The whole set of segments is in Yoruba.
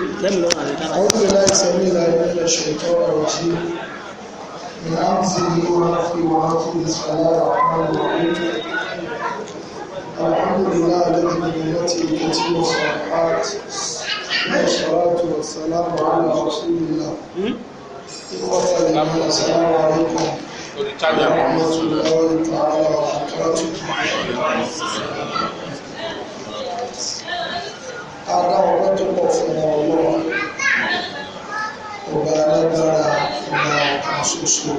أعوذ بالله السميع العليم من الشيطان الرجيم من أمزه ونفخي ونفخي بسم الله الرحمن الرحيم الحمد لله الذي بنعمته تتم الصالحات والصلاة والسلام على رسول الله إخوة الإيمان السلام عليكم ورحمة الله تعالى وبركاته أعلم ọlọ́run tó pọ̀ fún ọ lọ́wọ́ ọba alágbára ọba àṣoṣo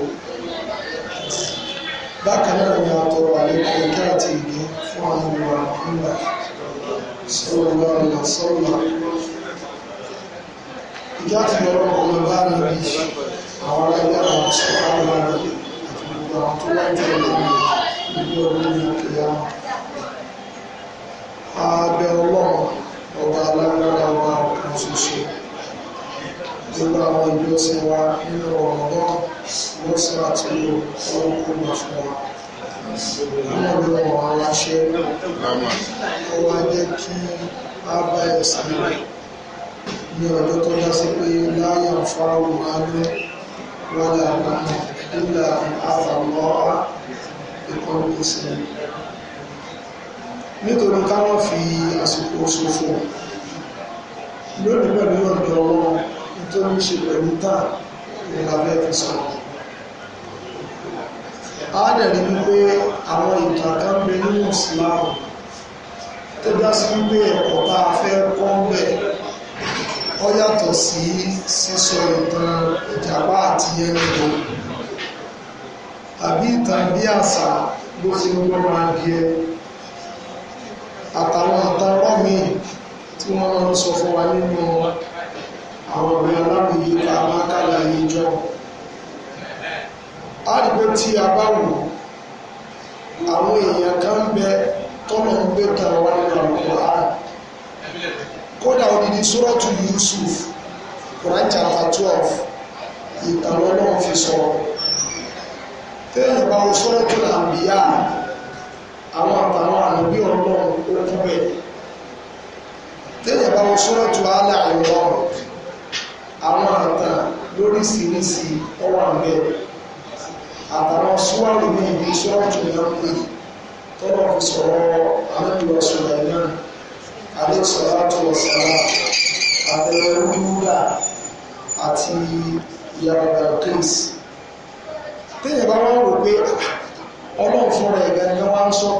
bákan náà ni àtọrọ àlékún ẹ̀kẹ́ àti ìgbín fún àwọn ìwà nígbà sọ̀rọ̀ lọ́rùn náà ìjọ àti ọlọ́run ọmọ bá níbi àwọn alágbára àwọn sọ̀rọ̀ àwọn ọmọ àti gbogbo àwọn tó wá jẹ́ ọlọ́run ìlú ọdún ní ìyá abẹ ọlọ́run ọba alágbára ọba ọ̀kan ṣoṣo gbogbo àwọn ìjọsìn wa nínú ọ̀rọ̀ lọ́sàn àtúnyò ọlọ́kùn gbà fún wa náà ló ràn wá láṣẹ ó wá jẹ́ kí á bá ẹ̀sìn rẹ̀ ní ọjọ́ tó dá sí pé láyà ń fa òhánú wọ́n làwọn ìlà àfàmọ́ ìkọ́ni ìsinmi nítorí káwọn fi àsìkò ṣòfò lónìí pẹ̀lú ọ̀dọ̀ ọlọ́run tó ní ṣe pẹ̀lú tán ìlàbẹ́ fi sọ̀rọ̀ a dẹ̀ rí wípé àwọn ìtàn kan bẹ nínú ìsìláàmù tó dá sí wípé ẹ̀kọ́ tá a fẹ́ kọ́ ń bẹ̀ ó yàtọ̀ sí sísọ ìtàn ìjàpá àti ẹnìyàn tàbí ìtàn bí àṣà ló ṣe ń gbọ́ máa di ẹni àtàwọn àtàwọn míì tí wọ́n máa ń sọ fún wa nínú àwọn ọ̀rẹ́ aláwòye ká máa kálá yìí àdìgbò tí a bá wò àwọn èèyàn kan ń bẹ tọ́nà ń gbé kan wá nínú àwòkọ́ àrùn kódà odidi sọ́rọ́tù Yusuf Quran chapter twelve ìtàn ọlọ́run fi sọ̀rọ̀ tẹ́yìn bá wọ sọ́rọ́tù làǹbíyà àwọn àtàwọn ànábí ọlọ́run ó kú bẹ́ẹ̀ téèyàn bá wọ sọ́rọ́tù alẹ́ àìwọ́ àwọn àtàn lóríṣiríṣi ọwọ́ àgbẹ̀ àtàwọn sọ́ọ̀rù ní ibi sọ́rọ́tù náà pè tọ́lọ̀ fi sọ̀rọ̀ ànábìwọ̀ sọ̀rọ̀ náà àdéṣọ́látò ọ̀sán àtẹ̀wẹ̀rú yúdà àti yàrá kéèsì téèyàn bá wọ́n rò pé ah, ọlọ́run fúnra ẹ̀gá ni wọ́n á ń sọ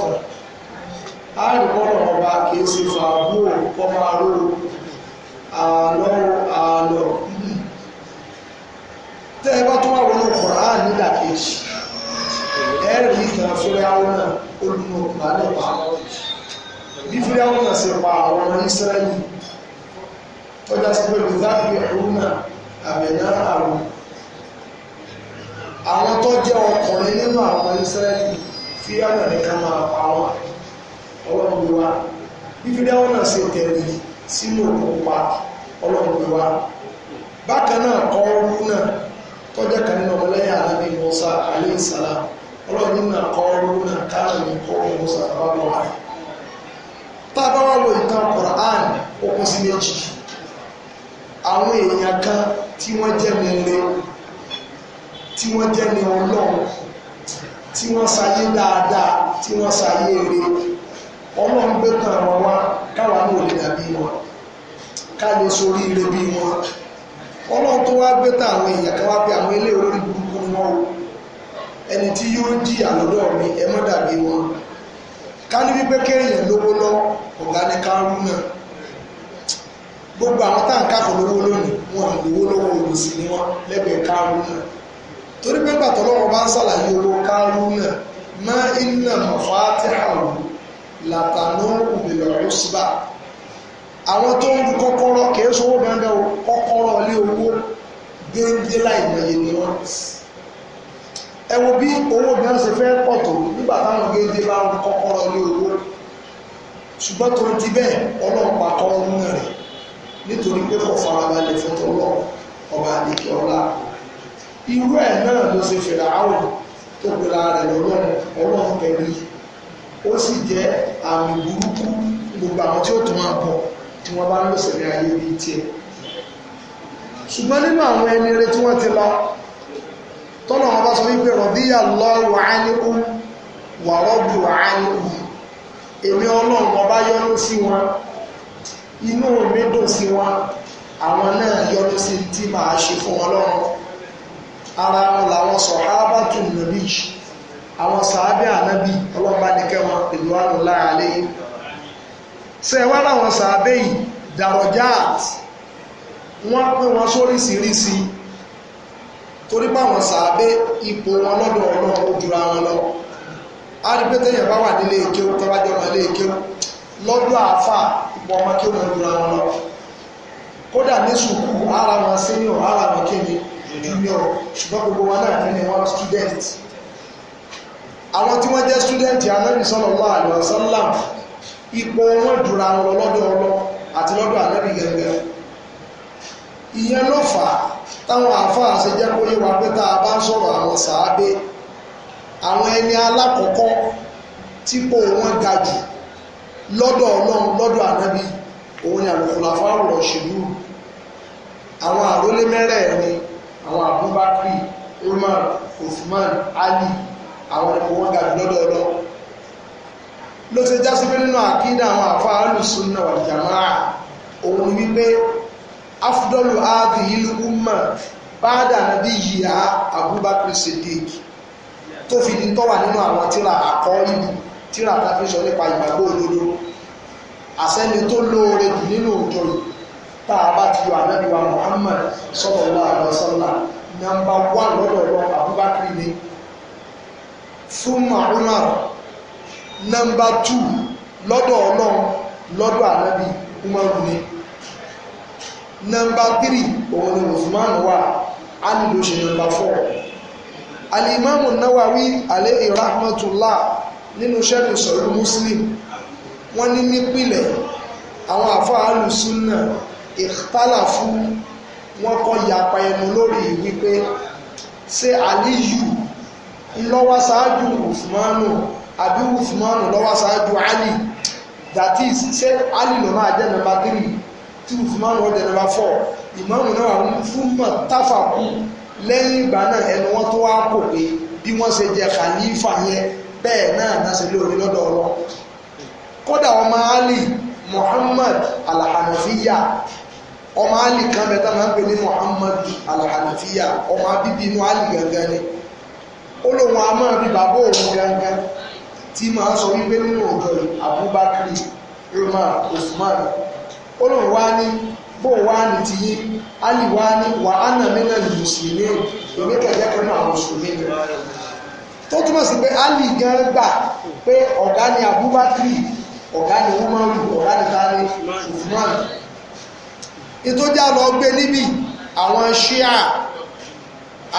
èsì fàbúò kọ́máró àlọ́ àlọ́ bíbí tẹ́ ẹ bá tún wà wọnú kọ̀ọ̀án nídàkejì ẹ̀rí ìtàn fúláwọ́ náà olùmọ̀ ìgbàlẹ̀ pa bí fúláwọ́ náà sì pa àwọn ọmọ Ísírẹ́lì tọ́jà sí pé lùdáàbí ọ̀hún náà àbẹ̀dá àrùn àwọn tó jẹ́ ọkùnrin nínú àwọn Ísírẹ́lì fíyànà nìkan máa pa wọn ọlọ́run wa bíbélì àwọn náà ṣe tẹ̀lé sínú òkú pa ọlọ́run bí wa bákan náà kọ́ọ́rú náà tọ́jọ́ kan nínú ọmọlẹ́yìn alábí Musa alẹ́ ìsàlá ọlọ́run nínú kọ́ọ́rú náà káàrin ní kọ́ọ́rú Musa àbábọ̀ wa tá a bá wá wo ìtàn tí wọ́n jẹ́ mi ọlọ́run tí wọ́n ṣayé dáadáa tí wọ́n ṣayé rẹ ọlọ́run gbé tàn wọn wá káwa náà lè dàbí wọn ká sórí ire bí wọn ọlọ́run tó wá gbé tàn àwọn èèyàn ká wá àwọn ilé olórí burúkú ni o ẹni tí yóò jìyà lọ́dọ̀ mi ẹ má dàbí wọn ká gbogbo àwọn tá à ń lówó lónìí wọn lówó lọ́wọ́ ni wọn lẹ́bẹ̀ẹ́ ká rú náà torí òsínbà àwọn tó ń lu kọ́kọ́rọ́ kìí sọ́wọ́ bẹ́ẹ̀ o kọ́kọ́rọ́ ilé owó géńdé láìmọye ni wọ́n ẹ wo bí owó bẹ́ẹ̀ ṣe fẹ́ pọ̀ tó nígbà táwọn géńdé bá ń kọ́kọ́rọ́ ilé owó ṣùgbọ́n tó ti bẹ́ẹ̀ ọlọ́pàá kọ́ ọ́nú rẹ̀ nítorí pé kò farabalẹ̀ fún tọ́lọ́ ọba àdìkí ọlá irú ẹ̀ náà ló ṣe fèrè àwọn tó pèrè ara rẹ̀ lọ́rùn ọlọ́run pẹ̀lú ó sì jẹ́ àmì burúkú gbogbo àwọn tí ó tún máa bọ̀ tí wọ́n bá ń lò sẹ̀mí ayé bíi tiẹ̀ ṣùgbọ́n nínú àwọn ẹni rẹ tí wọ́n ti lọ tọ́nà wọn bá sọ wípé rọ̀bíyà lọ́rùn áníkú wàrọ́bù áníkú èmi ọlọ́run ọba yọ́nú sí wọn inú mi dùn sí wọn àwọn náà yọ́nú sí tí màá ṣe fún ọlọ́run ara wọn làwọn sọ arábàtún àwọn sàábẹ́ ànábì ọlọ́ba nìkẹ́ wọn pẹ̀lú àrùn láàrin ṣe wá láwọn sàábé yìí darojat wọ́n pín wọn sóríṣiríṣi torí pé àwọn sàábé ipò wọn lọ́dọ̀ ọlọ́run ó jura wọn lọ a rí pé téèyàn bá wà nílé ìkéwù tó bá jọ wọn ilé ìkéwù lọ́dọ̀ àáfà ipò ọmọ kí wọn jura wọn lọ kódà ní sùkúù ara wọn senior ara wọn kéde junior ṣùgbọ́n gbogbo wa náà ní wọn student àwọn tí wọ́n jẹ́ student anábì sallallahu alaihi wasallam ipò wọn jùra wọn lọ́dọ̀ ọlọ́ àti lọ́dọ̀ àlẹ́bí gẹ́gẹ́ ìyẹn ló fà á táwọn àáfàá ṣe kó yé wa pé tá a bá ń sọ̀rọ̀ àwọn sàábé àwọn ẹni alákọ̀ọ́kọ́ tí kò wọ́n ga jù lọ́dọ̀ ọlọ́run lọ́dọ̀ ànábì òun ni àlùkùnláfà rọ̀ ṣèlú àwọn àrólé mẹ́rẹ̀ẹ̀rin àwọn Abubakar Umar Usman Ali àwọn ẹni kò wọ́n ga jù lọ́dọ̀ ọlọ́run ló ṣe já sí nínú àkídà àwọn àfa alùsùnà wal jamaa òun wípé afdọ́lù áàdì ìlú umma báàdà nàbí yìá abubakar sadiq tó fi di tọ́wà nínú àwọn tíra àkọ́ ìlú tíra tàbí sọ nípa ìgbàgbọ́ òdodo tó lóore jù nínú òjò a muhammad nàmbà wà abubakar ni fún nọ́mbà tù lọ́dọ̀ ọlọ́run lọ́dọ̀ ànábì umaru ni nọ́mbà tírì òun ni usman wà á nílò ṣe nọ́mbà fọ́ alimami nawawi alayhi rahmatullah nínú sẹ́ẹ̀dù sọ̀rọ̀ muslim wọ́n ní nípìnlẹ̀ àwọn àfáà alùsùnà ìtàlàfù wọ́n kọ́ yapa ẹnu lórí wípé ṣé aliyu ńlọ́wọ́ ṣáájú usmanu àbí usman lọ́wọ́ ṣáájú ali that is ṣé ali ló máa jẹ́ nọ́mbà three tí usman ló jẹ́ nọ́mbà four ìmáàmù náà fún mọ̀ táfà kù lẹ́yìn ìgbà náà ẹnu wọn tó wá kò pé bí wọ́n ṣe jẹ kàlífà yẹn bẹ́ẹ̀ náà náà ṣe lórí lọ́dọ̀ ọlọ́ kódà ọmọ ali muhammad alhanafiya ọmọ ali kan bẹ táwọn ń pè ní muhammad alhanafiya ọmọ abíbí inú ali gangan ni ó lóun a máa bí bàbá òun gangan tí máa sọ wípé nínú ọjọ́ yìí Abubakar Umar Usman ó lóun wá ní bó wá ní ti yí Ali wá ní wà á nà mí náà mùsùlùmí èmi kẹ̀kẹ́ kan náà mùsùlùmí ni tó túmọ̀ sí pé Ali gan gbà pé ọ̀gá ni Abubakar ọ̀gá ni Umar ọ̀gá ni tani Usman ìtọ́jà lọ gbé níbi àwọn ṣíà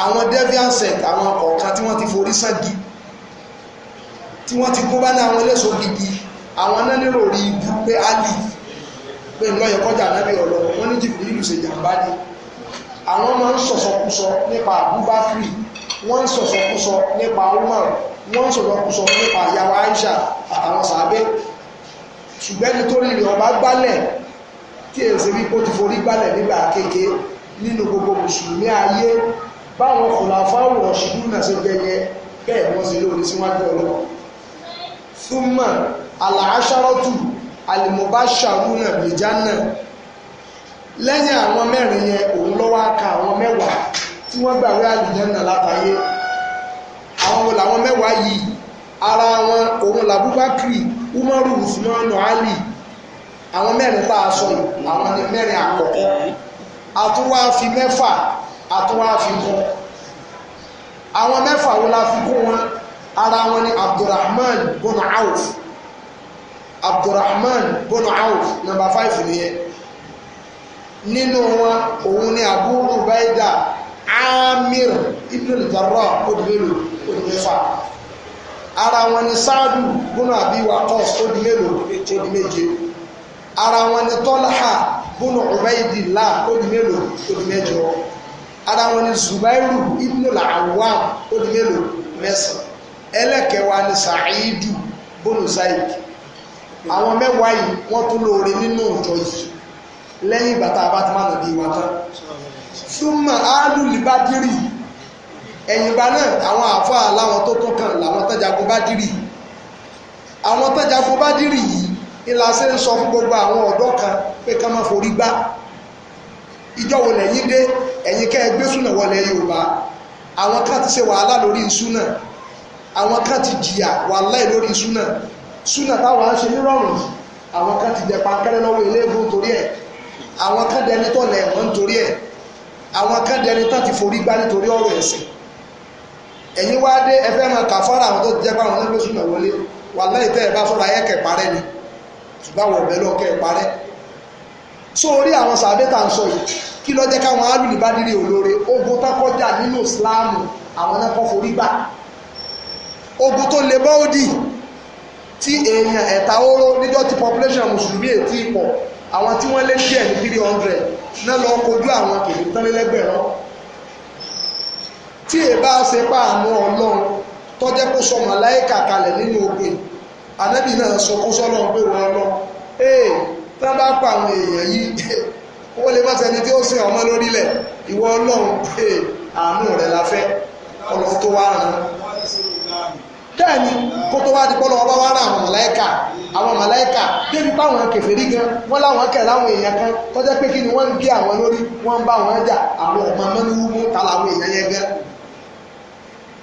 àwọn deviant sect àwọn ọ̀kan tí wọ́n ti forí sági tí wọ́n ti kó bá ní àwọn eléso gidi àwọn náà rí ibú pé ali pé nǹkan yẹ kọjá nábì ọ̀lọ́ wọn ní jìbìrì ìlú ṣe jàǹbá ni àwọn máa ń sọ̀sọ̀kúsọ nípa Abubakar wọ́n ń sọ̀sọ̀kúsọ nípa Umar wọ́n ń sọ̀sọ̀kúsọ nípa ìyàwó Aisha àtàwọn sàábé ṣùgbọ́n ní torí rẹ̀ ọba gbálẹ̀ kí èsì rí kó ti forí gbálẹ̀ nígbà kéèké nínú gbogbo mùsùlùmí ayé báwọn kòlà fáwọn ọ̀ṣìdúnà ṣe jẹyẹ bẹ́ẹ̀ wọ́n sì lóore síwájú ọlọ́run súnmọ́ àlàáṣárọ́tù àlìmọ̀báṣàrúnà lèjánà lẹ́yìn àwọn mẹ́rin yẹn òun lọ́wọ́ aka àwọn mẹ́wàá tí wọ́n gbàwé àlìjánà látàyé àwọn wo làwọn mẹ́wàá yìí ara wọn òun làbúbákiri umaru usmanu ali àwọn mẹ́rin tá a sọ yìí àwọn ni mẹ́rin àkọ́kọ́ àtúwá fi mẹ́fà àtúwá fi kún àwọn mẹ́fà wo la fi kún wọn ara wọn ni abdulrahman bono auf abdulrahman bono auf number five nìyẹn nínú wọn òun ni abu ubaida amir ibn jarrah odumelo odumefa ara wọn ni saadu bono abi wakos odumelo odumeje ara wọn ni tọ́láhà bono ubaidillah odumelo odumejo ara wọn ni zubairu ibn al odumelo mẹ́sàn-án ẹlẹ́kẹ̀wá ni sàáìdù bónú sáìdì àwọn mẹ́wàá yìí wọ́n tún lóore nínú ìjọ yìí lẹ́yìn ìgbà tá a bá ti máa nàbí ìwà tán súnmọ́ áálùlì bádìrì ẹ̀yìn ìgbà náà àwọn àáfàá láwọn tó tún kàn láwọn tẹ́jagun bádìrì àwọn tẹ́jagun bádìrì yìí ńlá ṣe ń sọ fún gbogbo àwọn ọ̀dọ́ kan pé ká má forí gbá ìjọ wo lẹ́yìn dé ẹ̀yìn kẹ́ ẹ gbé súnà wọlé Yorùbá àwọn kan ti ṣe wàhálà lórí ìsúná àwọn kan ti jìyà wàláì lórí súnà súnà táwọn á ṣe nírọ̀rùn yìí àwọn kan ti jẹ pankẹ́rẹ́ lọ́wọ́ eléégún torí ẹ̀ àwọn kan dẹni tó lẹ̀ wọ́n torí ẹ̀ àwọn kan dẹni tó ti forí gbá nítorí ọ̀rọ̀ ẹ̀sìn ẹ̀yin wá dé ẹ fẹ́ máa kà fọ́ra àwọn tó ti jẹ́ pé àwọn ẹgbẹ́ súnà wọlé wàláì tẹ́ ẹ bá fọ́ra ẹ̀ kẹ̀ parẹ́ ni ṣùgbọ́n àwọn ọ̀bẹ lọ́ọ́ kẹ́ ẹ parẹ́ so orí àwọn sàbẹ́ tá à ń sọ yìí kí ló káwọn alùlù bá dírí olóore ogun tákọ́jà nínú ìsìláàmù àwọn náà kọ́ forí gbà ogun tó le bọ́ọ̀dì tí èèyàn ẹ̀ta oró níjọ́ tí population mùsùlùmí ètí ipò àwọn tí wọ́n lé díẹ̀ ní three hundred náà lọ kojú àwọn kèké tánlélẹ́gbẹ̀rún tí èbá ṣe páànù ọlọ́run tọ́jẹ́ kó sọ màláìkà kalẹ̀ nínú ogun ànábì náà sọ kó sọ́ lọ́run pé wọ́n lọ ee tí wọ́n bá pa àwọn èèyàn yìí ó lè má sẹni tí ó sin ọmọ lórílẹ̀ ìwọ ọlọ́run ee àánú rẹ̀ la fẹ́ ọlọ́run tó wá rán bẹ́ẹ̀ ni kó tó wá di pọ́lọ́ ọba wá rà àwọn màláìkà àwọn màláìkà débi páwọn kèfèrí gan wọ́n láwọn kẹ̀ láwọn èèyàn kan tó pé kí ni wọ́n ń gé àwọn lórí wọ́n ń bá wọn jà àwọn ta làwọn èèyàn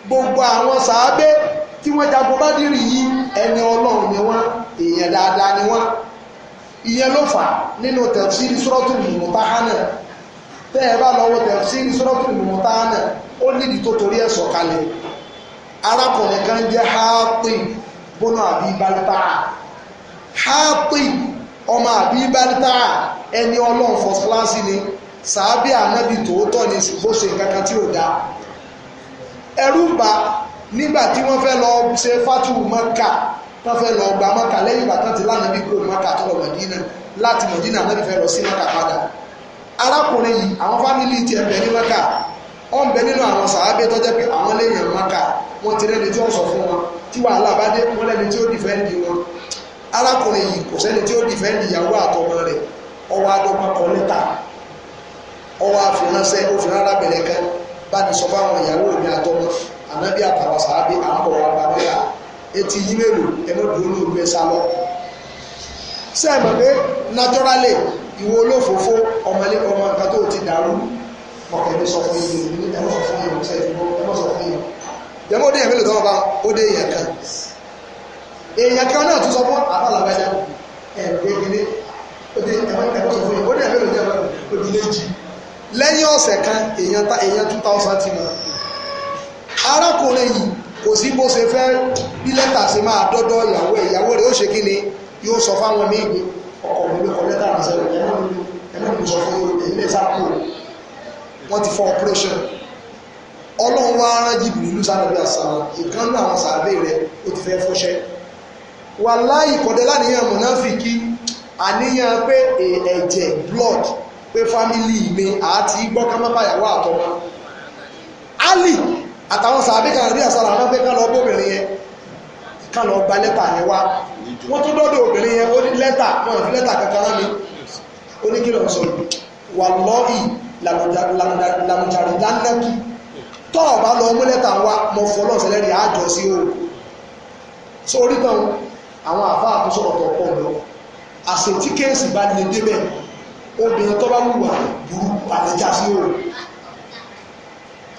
gbogbo àwọn sàábé tí wọ́n jagun bá dìrì yìí ẹni ọlọ́run ni wọ́n èèyàn dáadáa ni wọ́n ìyẹn ló fà nínú tẹ̀síìrì arákùnrin kan jẹ́ haati bọ́nà àbí balitaa haati ọmọ àbí balitaa ẹni ọlọ́run first class ni sàábì ànábì tòótọ́ ni ṣùgbọ́n ṣe nǹkan kan tí ò dáa ẹ̀rù bà nígbà tí wọ́n fẹ́ lọ ṣe fatihu mọ́kà tó fẹ́ lọ gba mọ́kà lẹ́yìn ìgbà tán ti lánàbí kúrò mọ́kà tó lọ mọ̀dínà láti mọ̀dínà ànábì fẹ́ lọ sí mọ́kà padà arákùnrin yìí àwọn fámìlì tiẹ̀ bẹ̀ ní mọ́kà ó ń bẹ nínú àwọn sàábé tó jẹ́ pé àwọn léèyàn maka wọ́n ti rẹ́ni tí ó sọ fún wọn tí wàhálà bá dé wọ́n lẹ́ni tí ó dìfẹ́ǹdì wọn arákùnrin yìí kò sẹ́ni tí ó dìfẹ́ǹdì ìyàwó àtọmọ rẹ̀ ọwọ́ adọ́gbọ́n kọ lẹ́tà ọwọ́ àfiránṣẹ́ òfin arábìnrin kan bá ní sọ fáwọn ìyàwó mi àtọmọ ànábì àtàwọn sàábé à ń bọ̀ wọn gba mẹ́ta etí yí mélòó ẹnu dùn ní ògbé sálọ. sẹ́ẹ̀mọ̀ pé naturally ìwo olófòófó ọmọlé ọmọ nǹkan tó ti dàrú porque mi sọ fún yìí ní ẹmọ́ sọ fún yìí ṣe ìdúró ẹmọ́ sọ fún yìí jẹ́mọ́ ó dé èèyàn mélòó tọ́wọ́ bá ó dé èèyàn kan èèyàn kan náà tún sọ fún àbálàbájá ẹ̀ẹ́dẹ́gbẹ́lé ó dé ẹmọ́ sọ fún yìí ó dé èèyàn mélòó jẹ́ òbí léjì lẹ́yìn ọ̀sẹ̀ kan èèyàn ta èèyàn two thousand ti mọ̀ arákùnrin yìí kò sí bó ṣe fẹ́ bí lẹ́tà ṣe máa dọ́dọ̀ ìyàwó ẹ̀ ìyàwó rẹ̀ ó ṣe kí ni yóò sọ fáwọn míì ọkọ̀ mi ló kọ lẹ́tà àti ẹ̀rọ ẹ̀mọ́ mi ló sọ fún yìí èyí lè sá kúrò wọ́n ti fọ́ operation ọlọ́run wá rán jìbìrì lù sáré bíi àṣà ìkànnì àwọn sàbẹ̀ rẹ̀ ó ti fẹ́ fọ́ṣẹ́ wà láì kọ̀dẹ́ láníyàn mùnáfìkì àníyàn pé ẹ̀jẹ̀ blood pé family, mi àti gbọ́kámábàyàwó àtọ́mọ Ali àtàwọn sàbẹ̀ kan rí àṣà làwọn pé ká lọ bóbìnrin yẹn ká lọ gba lẹ́tà yẹn wá wọ́n tún dọ́dọ̀ obìnrin yẹn ó ní lẹ́tà wọn ò fi lẹ́tà kankan rán mi ó ní kí lọ́n sọ wà lọ́ọ̀ì làmùjàrí lánàkì tọ́ ọ bá lọ mọ́lẹ́ta wa mọ fọlọ́ sẹlẹ́rì àjọ sí o sórí kan àwọn àfáà tó sọ̀rọ̀ tó pọ̀ lọ àṣẹ tí kéèsì bá lè débẹ̀ obìnrin tó bá wùwà burú àlẹ́jà sí o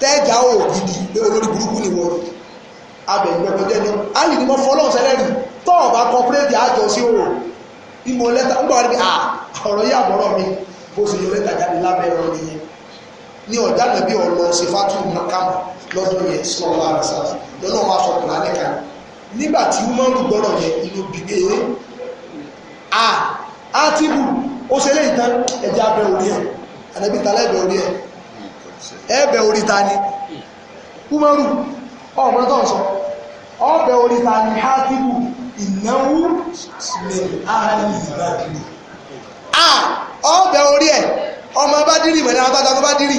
tẹ́jà ò gidi pé olórí burúkú ni wọ́n abẹ̀gbẹ̀gbẹ̀jẹ́ ni alì ni mo fọlọ́ sẹlẹ́rì tọ́ ọ bá kọ pírẹ́tì àjọ sí o ìmọ̀ lẹ́ta ń bọ̀ rí à ọ̀rọ̀ yà bọ̀rọ̀ mi bó ṣe yọ lẹ́tà jáde lábẹ́ ọ̀rọ̀ nìyẹn ní ọ̀dà nàbí ọ̀lọ́ ṣe fátúù mọ́kàmù lọ́dún yẹn sọ́wọ́ àrẹ̀sára lọ́nà wọn aṣọ kùnà nìkan nígbà tí umaru gbọ́dọ̀ yẹn inú bìbí eré a a atibu ó ṣe lẹ́yìn tán ẹ̀jẹ̀ abẹ orí ẹ̀ àdàbí talẹ́ ẹ̀bẹ̀ orí ẹ̀ ẹ̀bẹ̀ orí ta ni umaru ọ̀gbọ́n tó ń sọ ọ̀bẹ̀ orí ta ni atibu ìnáwó ní ahàlì ìbàdàn ọbẹ̀ orí ẹ̀ ọmọ bá dírì mẹ́rin agbádá tó bá dírì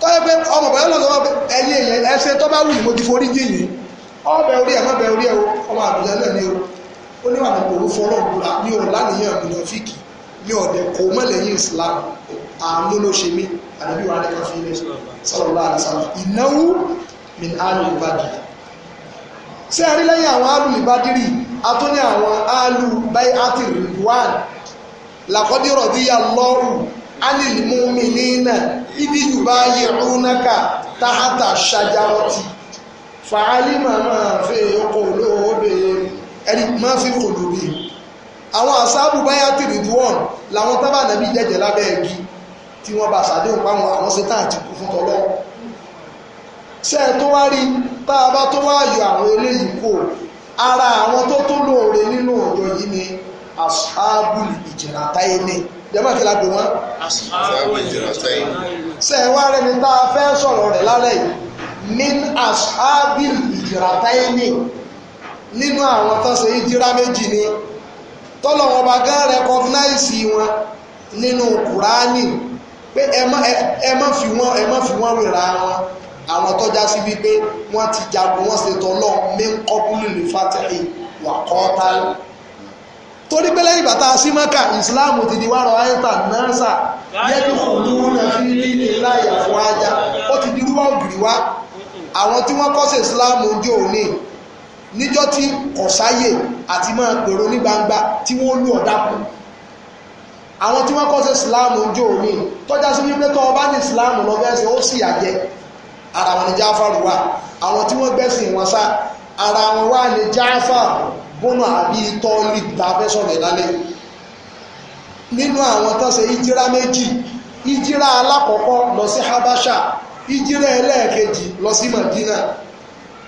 tọ́yẹ pé ọmọ bẹ̀rẹ̀ lọ́dọ̀ wọn ẹ̀yìn èèyàn ẹsẹ̀ tó bá mo ti forí jì yìí ọbẹ̀ orí ẹ̀ mọ́bẹ̀ orí ẹ̀ o ọmọ àbújá náà ni o ó ní wàá kò fọlọ́ gbura ní o lánìyàn mìnàfíìkì ní ọ̀dẹ kò mọ́ lẹ́yìn Islam àánú ló ṣe mí àdàbí wàá lẹ́ka fi ilé sọ̀rọ̀ láàrin sọ̀rọ̀ ìnáwó mi àánú ìbàdí sí àrílẹ́yìn àwọn àánú ìbàdí rí atúnyẹ àwọn àánú báyìí àtìrì wáàdì làkọ́dí rọ̀díyà lọ́rù ánìlmúmìnínà ibi yorùbá yẹ̀rúnáka táhátà ṣajarọ́tì fàálìmà máa fi oko olóòbè ẹni máa fi kò lórí àwọn àsáàbù báyà tìrì dùwọ̀n làwọn tábà nàbí jẹ́jẹ́ lábẹ́ ẹ̀gí tí wọ́n bá ṣàdéhùn páwọn àwọn sétà àti kú fún tọ́lọ́ ṣe é tó wá rí tá a bá tó wá yọ àwọn eléyìí kò ara àwọn tó tó lóore nínú ọ̀dọ́ yìí ni ashabul ìjìnàtàyẹnì jẹ́mọ́ kí la pè wọ́n. ashabul ìjìnàtàyẹnì. ṣé ẹ wá rẹni tá a fẹ́ sọ̀rọ̀ rẹ̀ lálẹ́ yìí min ashabul ìjìnàtàyẹnì nínú àwọn tó ṣe ìjìrá méjì ni tọ́lọ̀ wọn bá gán rẹkọgnáìsì wọn nínú kùránì pé ẹ má fi wọn ẹ má fi wọn wèrà wọn àwọn tọ́já sí wípé wọ́n ti jagun wọ́n ṣe tọ́lọ́ mẹ́ńkọ́bùlù ní fàtẹ́lì wà kọ́ọ́tà torí pé lẹ́yìn bàtà símọ́kà ìsìláàmù ti di wárọ̀ àyíká náírà yẹ́dùkú lúwúnà fi ní ilá ìyàfọ́ ajá ó ti di rúwà ògiri wá àwọn tí wọ́n kọ́sẹ̀ ìsìláàmù ojú òní níjọ́ tí kọ̀sáyè àti máa pèrò ní gbangba tí wọ́n lù ọ̀dà kù àwọn tí wọ́n kọ́sẹ̀ ìsìláàmù ojú òní tọ́já sí wípé tó ọba ní ìsìláàmù lọ́fẹ́sẹ̀ ó sì yàjẹ́ ara wọn ni jáfàrù wà àwọn tí wọ́n gbẹ̀sìn wọn sá ara wọn wà ní jáfàrù bọ́nà àbí tọ́lì sọ̀rọ̀ ìlálẹ́ nínú àwọn tó ṣe ìjírá méjì ìjírá alákọ̀ọ́kọ́ lọ sí habasha ìjírá ẹlẹ́ẹ̀kejì lọ sí madina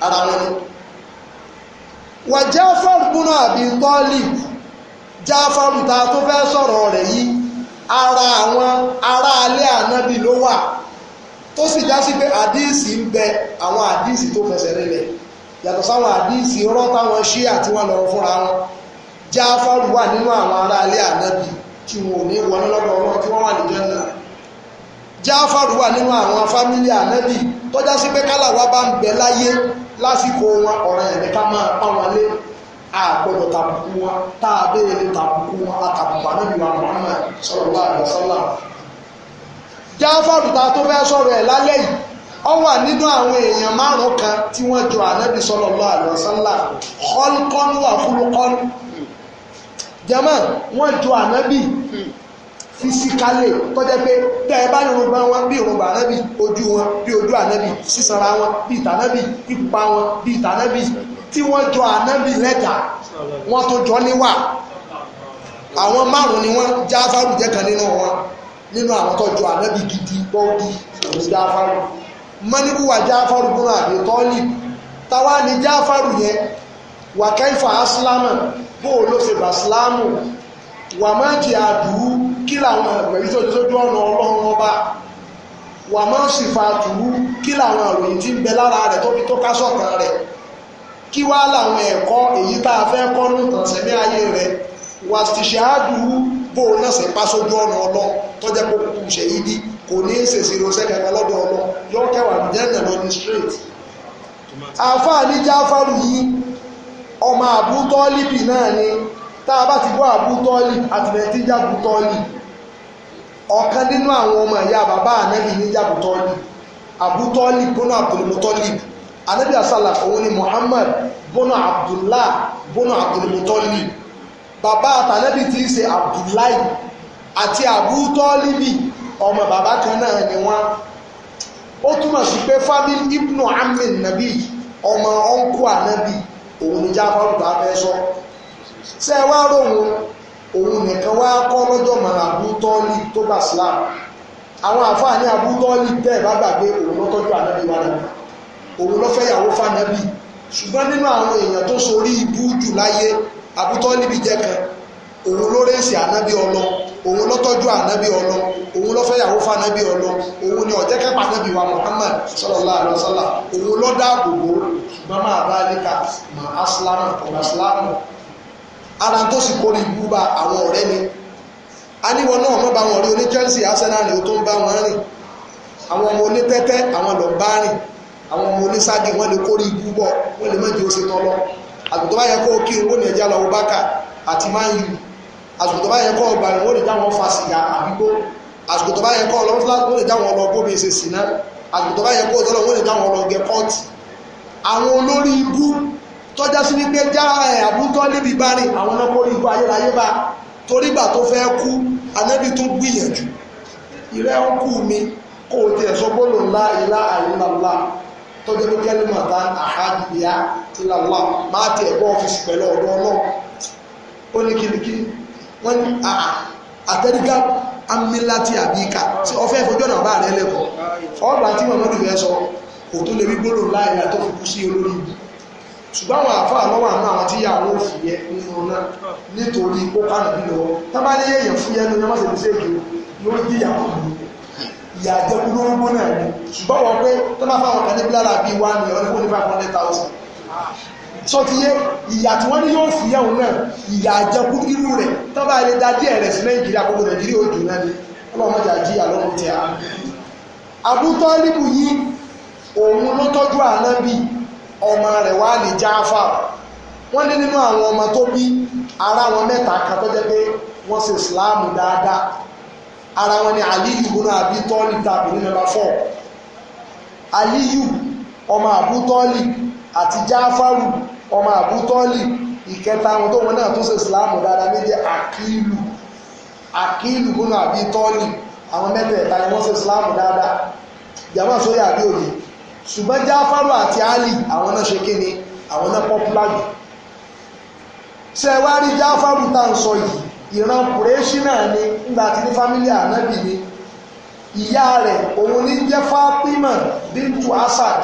ara wọn ni wà bọ́nà àbí tọ́lì ta tó fẹ́ sọ̀rọ̀ rẹ̀ ara àwọn alẹ́ ànábì ló wà tó sì já sí pé àdíìsì yàtọ̀ sáwọn àdíìsì irọ́ táwọn ṣíà tí wọ́n lọ fúnra wọn jáfárù wà nínú àwọn ará ilé ànábì tí wọn ò ní wọlé lọ́dọ̀ ọlọ́run tí wọ́n wà ní jẹ́nà jáfárù wà nínú àwọn fámílì ànábì tọ́já sí pé kálàwá bá ń bẹ láyé lásìkò wọn ọ̀rọ̀ ẹ̀mí ká máa pa wọn lé àgbọ̀dọ̀ tàbùkù wọn tá a béèrè lé tàbùkù wọn àtàbùkù ànábì wa Muhammad sallallahu alaihi wasallam jáfárù ta tó fẹ́ sọ̀rọ̀ ẹ̀ lálẹ́ yìí ọ wà nínú àwọn èèyàn márùn kan tí wọ́n jọ ànábì sallallahu alaihi wasallam khalqan wa khuluqan jama wọ́n jọ ànábì fisikale tọ́jẹ́ pé tẹ́ ẹ bá ní irun bá wọn bí irun bá ànábì ojú wọn bí ojú ànábì sísanra wọn bí ìtànábì pípa wọn bí ìtànábì tí wọ́n jọ ànábì lẹ́tà wọ́n tó jọ níwà àwọn márùn ni wọ́n jáfárù jẹ́ kan nínú wọn nínú àwọn tó jọ ànábì gidi bọ́ọ̀dì jáfárù mọ́nìbùwà jáfàrù bùnú àbí tọ́lì táwa ni jáfàrù yẹn wà kẹ́fà áṣílámà bó o ló ṣe bà sílámù wà má jì àdúrú kí làwọn ẹ̀gbẹ̀rí tó tó dún ọ̀nà ọlọ́run ọba wà má sì fa àdúrú kí làwọn àròyìn tí ń bẹ lára rẹ̀ tó fi tó ká sọ̀tàn kí wá làwọn ẹ̀kọ́ èyí tá a fẹ́ kọ́ ní ìtànsẹ́mí ayé rẹ̀ wà sì ṣe àdúrú bó náà ṣe pa sójú ọ̀nà ọlọ́ tọ́jà kó kúkú ṣe yí kò ní ṣèṣì rosẹ́ kankan lọ́dọ̀ ọlọ́ yóò kẹwàá jẹ́nà lọ ní straight àfáà ní jáfárù yìí ọmọ àbútọ́ọ́lìbì náà ni tá a bá ti gbọ́ àbútọ́ọ́lì àtìlẹ́tì jábútọ́ọ́lì ọ̀kan nínú àwọn ọmọ ìyá bàbá ànẹ́bì ní jábútọ́ọ́lì àbútọ́ọ́lì bọ́nà àbùlùmọ́tọ́lì ànẹ́bì àsàlà òun ni Muhammad bọ́nà Abdullah bọ́nà àbùlùmọ́tọ́lì bàbá àtànẹ́bì ti ṣe Abdullahi àti àbútọ́ọ́lìbì ọmọ bàbá kan náà ni wọn ó túmọ̀ sí pé fábíl ibnu amin nàbí ọmọ ọ̀nkú ànábì òun ni jáfárù bá fẹ́ sọ ṣé ẹ wá òun nìkan wá kọ́ lọ́jọ́ mọ́ àbútọ́lì tó àwọn àbútọ́lì bá gbàgbé òun ló tọ́jú ànábì wa òun ló fànábì ṣùgbọ́n nínú àwọn èèyàn tó sorí ibú jù láyé kan òun ló rẹ́sì ànábì ọlọ́ọ̀ òun ló tọ́jú ànábì ọlọ òun ló fẹ́yàwó fànábì ọlọ òun ni ọ̀jẹ́ kẹ́pà ànábì wa Muhammad sallallahu alaihi wasallam òun ló dáàbòbò ṣùgbọ́n máa bá níka mà áṣílámù ọ̀gá áṣílámù ara tó sì kórè ìlú bá àwọn ọ̀rẹ́ ni a náà mọ́ bá wọn rí oní Chelsea Arsenal ni ó tó ń bá wọn rìn àwọn ọmọ onítẹ́tẹ́ àwọn lọ bá rìn àwọn ọmọ onísáàgì wọ́n lè kórè ìlú bọ̀ wọ́n lè mọ́jì ó ṣe tọ́lọ́ àgùntàn bá yẹ kó kí owó ní ẹja lọ àsìkò tó bá yẹ kọ́ ọgbà rẹ̀ wọ́n lè dáwọn fa sìgá àbígbó àsìkò tó bá yẹ kọ́ ọlọ́run fúlá wọ́n lè dáwọn ọlọ́ gómi ṣe sì náà àsìkò tó bá yẹ kọ́ ọlọ́run wọ́n lè dáwọn ọlọ́ gẹ kọ́ọ̀tì àwọn olórí ibú tọ́já sí wípé já ẹ̀ àbútọ́ níbi bá rìn àwọn náà kó rí ibú ayérayé bá torí gbà tó fẹ́ kú anábì tó gbìyànjú ìrẹ́ ọkù mi kó o sọ gbọ́dọ̀ ńlá ìlà àìlàlá tọ́jú pé kẹ́límà tá àhádìyà ìlàlá má tiẹ̀ bọ́ ọ́fíìsì pẹ̀lú ọ̀dọ́ ọlọ́run ó ní kíríkírí wọ́n ní ah, ah, àtẹ́rígá amílátì àbíkà tí ọfẹ́ ìfọjọ́ náà bá rẹ lẹ́kọ̀ọ́ ọgbà tí wọn mọ́dún fẹ́ sọ kò tó lè rí gbólò láìra tó fi kú sí olórí ibu ṣùgbọ́n àwọn àfáà lọ́wọ́ àmọ́ àwọn tí yàrá ò fìyẹ nínú náà nítorí ó kánà bí lọ tábà ní èèyàn fúyẹ́ ní ọmọ sì ṣe èké yóò dí ìyàwó mi ìyà àjẹkù ló ń gbóná ẹni ṣùgbọ́n wọn pé tó máa fáwọn kan ní bílára bíi wá ní ọdún fún ní five hundred thousand sọ ti yé ìyà tí wọ́n ní yóò fi yẹ̀wò náà ìyà àjẹkù irú rẹ̀ tó bá lè da díẹ̀ rẹ̀ sí nàìjíríà gbogbo nàìjíríà òjò náà ni ọlọ́mọdé àjíyà lọ́rùn tẹ̀ á. abútọ́líbù yìí òun ló tọ́jú ànábì ọmọ rẹ̀ wá ní jáfà wọ́n ní nínú àwọn ọmọ tó bí ara wọn mẹ́ta kan tó pé wọ́n ṣe ìsìláàmù dáadáa ara wọn ni aliyu gbóná àbí tọ́lì tàbí ní nọ́mbà fọ́ aliyu ọmọ àbútọ́lì àti jáfàrù ọmọ àbútọ́lì ìkẹta àwọn tó wọn náà tó ṣe ìsìláàmù dáadáa méjì àkílù àkílù gbónú àbí tọ́lì àwọn mẹ́tẹ̀ẹ̀ta ni wọ́n ṣe ìsìláàmù dáadáa jàmá sóyè àbí òye ṣùgbọ́n jáfárò àti ali àwọn náà ṣe kíni àwọn náà pọ́pùlà jù ṣe wá rí jáfárò tá à ń sọ yìí ìran kùrẹ́ṣì náà ni nígbà tí ní fámílì ànábì ni ìyá rẹ̀ òun ní jẹ́ fápímà bíntu asad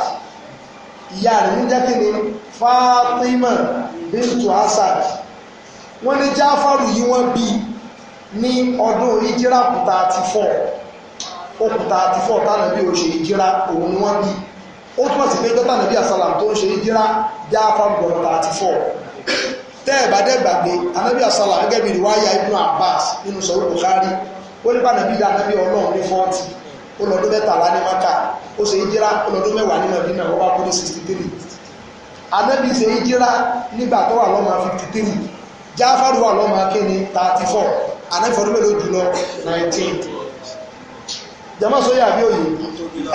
ìyá rẹ̀ ń jẹ́ ni Fatima bintu Asad wọ́n ní Jáfàrù yìí wọ́n bí ní ọdún ìjírà kùtà àti fọ́ òkùtà àti fọ́ tánàbí ò ṣe ìjírà òun ni wọ́n bí ó túmọ̀ sí pé dọ́tà nàbí àsálàm tó ń ṣe ìjírà Jáfàrù bọ̀rọ̀ àti fọ́ tẹ́ ẹ̀ bá dẹ́ gbàgbé anábì àsálàm gẹ́gẹ́ bí ìwáyà Ibn Abbas nínú sọ̀rọ̀ Bukhari ó ní ó lọ́dún mẹ́tàlá ní maka ó ṣe ìjírá ó lọ́dún mẹ́wàá ní madina ó bá kú ní sixty three anabi ṣe ìjírá nígbà tó wà lọ́mọ fifty three jáfàrú wà lọ́mọ akéni thirty four anabi fọdún mélòó jùlọ nineteen jama sọyà bí òye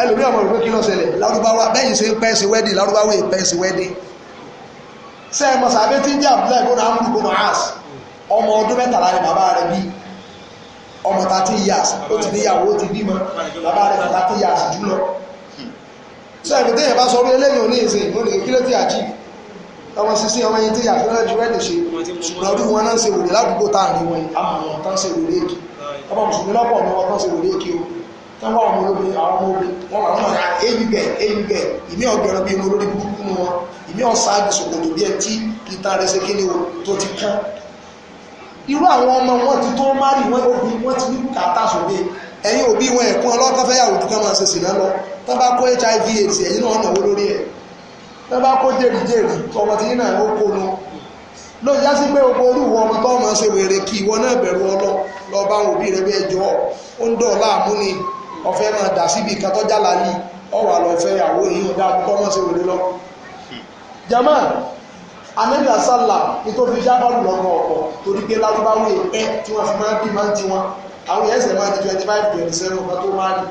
ẹlòmí ọmọ rẹ pé kí ló ṣẹlẹ̀ lárúbáwá bẹ́yìn ṣe ń pẹ́ sí wẹ́dì lárúbáwá ń pẹ́ sí wẹ́dì sẹ́yìn mọ̀sàbẹ́ tí ń jẹ́ àbúlá ìbọn àmúlùbọ̀n ọmọ ọdún mẹ́tàlá ni bàbá rẹ̀ bíi ọmọ thirteen years ó ti níyàwó ó ti bímọ bàbá rẹ̀ kò thirteen years jù lọ. sọ èmi téèyàn bá sọ orí eléyìí ò ní ìsìn ìmú ni kí ló ti àjì ọmọ sísìn ọmọ yẹn téèyàn fẹ́ràn ju ẹ̀dẹ̀ ṣe ṣùgbọ́n ọdún wọn náà ń ṣe wòlé ládùúgbò tá à ń rí wọn àmọ̀ wọn tán ṣe wòlé èkì ọmọ mùsùlùmí lọ́pọ̀ ni wọn tán ṣe wòlé èkì o tán wá ọmọ olóbi àwọn ọmọ obi wọn wà wọn éyí bẹ éyí bẹ ìmí ọgbẹrún bíi olórí burúkú wọn ìmí ọ̀sáàdì ṣòkòtò bíi ẹtí ìta rẹ̀ ṣe o tó ti kán irú àwọn ọmọ wọn ti tó márì wọn òbí wọn ti ní bùkátà sóde ẹ̀yin obi wọn ẹ̀kún ọlọ́kàn fẹ́ yàwó dùkọ́ máa ṣe náà lọ tó hiv aids ẹ̀yin náà náwó lórí ẹ̀ tó bá kó jèrìjèrì ọmọ tí yín náà ó kó nu ló já sí pé gbogbo olú ìwọ ọmọ tó ṣe wèrè kí ọlọ lọ bá òbí rẹ bí ó ń dọ̀ láàmú ni ọ̀fẹ́ máa dà síbi ọ̀wà lọ́fẹ́ anabi asala nítorí fi jábàlù lọ́kọ̀ ọ̀pọ̀ torí pé lárúbáwò ẹ̀pẹ́ tí wọ́n fi máa ń bí máa ń ti wọn àwọn yẹn ṣẹ̀ máa di twenty five twenty seven ọba tó máa di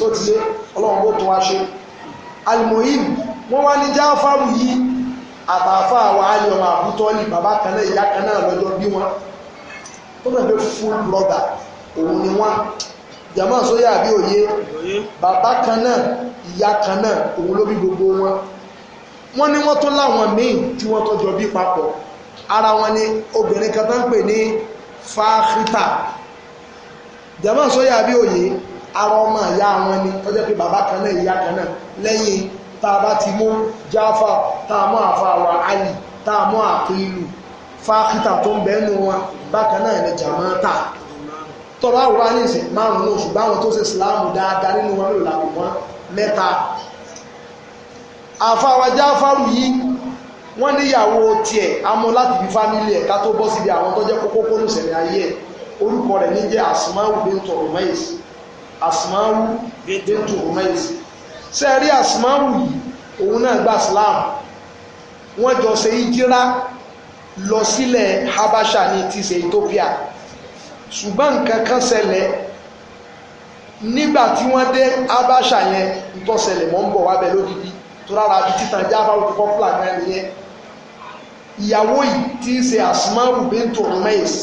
tó ti yé ọlọ́run bó tó wá ṣe alimohim wọ́n wá ní jáfàrù yìí àtàfà àwọn ayọ̀ ọmọ àbútọ́lì bàbá kan náà ìyá kan náà lọ́jọ́ bí wọn tó bẹ̀ pé full brother òun ni wọ́n jàmọ́ sóyà bí òye bàbá kan náà ìyá kan náà òun ló bí gbogbo wọn wọ́n ní wọ́n tún láwọn míì tí wọ́n tó jọ bí papọ̀ ara wọn ni obìnrin kan tó ń pè ní fáhítà jama sọ́yà bí òye ara ọmọ ìyá wọn ni tó jẹ́ pé bàbá kan náà ìyá kan náà lẹ́yìn tá ti mú jáfà tá àfàwà alì tá a mú tó ń bẹ́nu wọn bákan náà ni jamata tọ́lá àwòrán yìí sì márùn-ún oṣù báwọn tó ṣe ìsìláàmù dáadáa nínú wọn lò làwọn mẹ́ta àfàwájá fárú yìí wọ́n níyàwó tiẹ̀ amọ́ láti fi fámílì ẹ̀ ká tó bọ́ síbi àwọn tó kókó kó lùsẹ̀lẹ̀ ayé ẹ̀ orúkọ rẹ̀ ní jẹ́ Asma'u bintu Umais Asma'u bintu Umais sẹ́ẹ̀rí Asma'u yìí òun náà gba Islam wọ́n jọ ṣe ìjírá lọ sílẹ̀ Habasha ní ti ṣe Ethiopia ṣùgbọ́n nǹkan kan ṣẹlẹ̀ nígbà tí wọ́n dé Habasha yẹn ń tọ́ ṣẹlẹ̀ mọ́ ń bọ̀ wábẹ́ lódìdí tó rárá bí títàn jáfà ó ti kọ́ fúlàní ẹni yẹn ìyàwó yìí tí ń ṣe asmaru bintu umais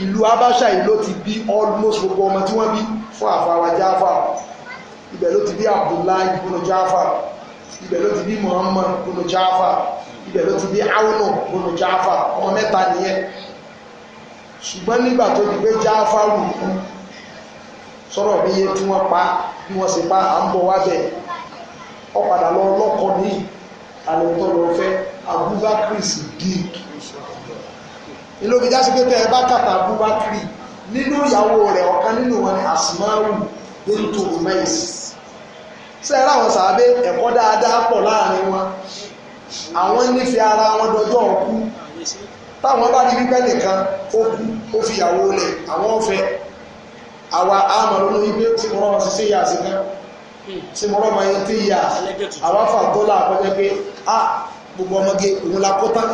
ìlú abáṣà yìí ló ti bí almost gbogbo ọmọ tí wọ́n bí fún àfàwà jáfà ibẹ̀ ló ti bí abdullahi ibùnú jáfà ibẹ̀ ló ti bí muhammad ibùnú jáfà ibẹ̀ ló ti bí aunu ibùnú jáfà ọmọ mẹ́ta nìyẹn ṣùgbọ́n nígbà tó di pé jáfà wù kú sọ̀rọ̀ bí iye tí wọ́n pa bí wọ́n ṣe pa à ń bọ̀ wá bẹ́ẹ̀ ọ̀padà lọ lọ́kọ ní àlòtọ́ lọ fẹ́ Abubakar Siddiq ìlóbi jásí pé tẹ́ ẹ bá kàtà Abubakar nínú ìyàwó rẹ̀ ọ̀kan nínú wọn ni Asma'u bintu Umais sẹ́ẹ̀rẹ́ àwọn sàábé ẹ̀kọ́ dáadáa pọ̀ láàrin wọn àwọn nífẹ̀ẹ́ ara wọn dọjọ́ ọkú táwọn bá rí wípé nìkan ó kú ó fi ìyàwó lẹ̀ àwọn ọ̀fẹ́ àwa àmọ̀ lónìí pé tí wọ́n rán wọn sí sí ìyá àti náà ṣe mo rọ́mọ ẹni tí yà àwọn afàtọ́lá àkọ́jẹ́ pé a gbogbo ọmọge òun la kó tán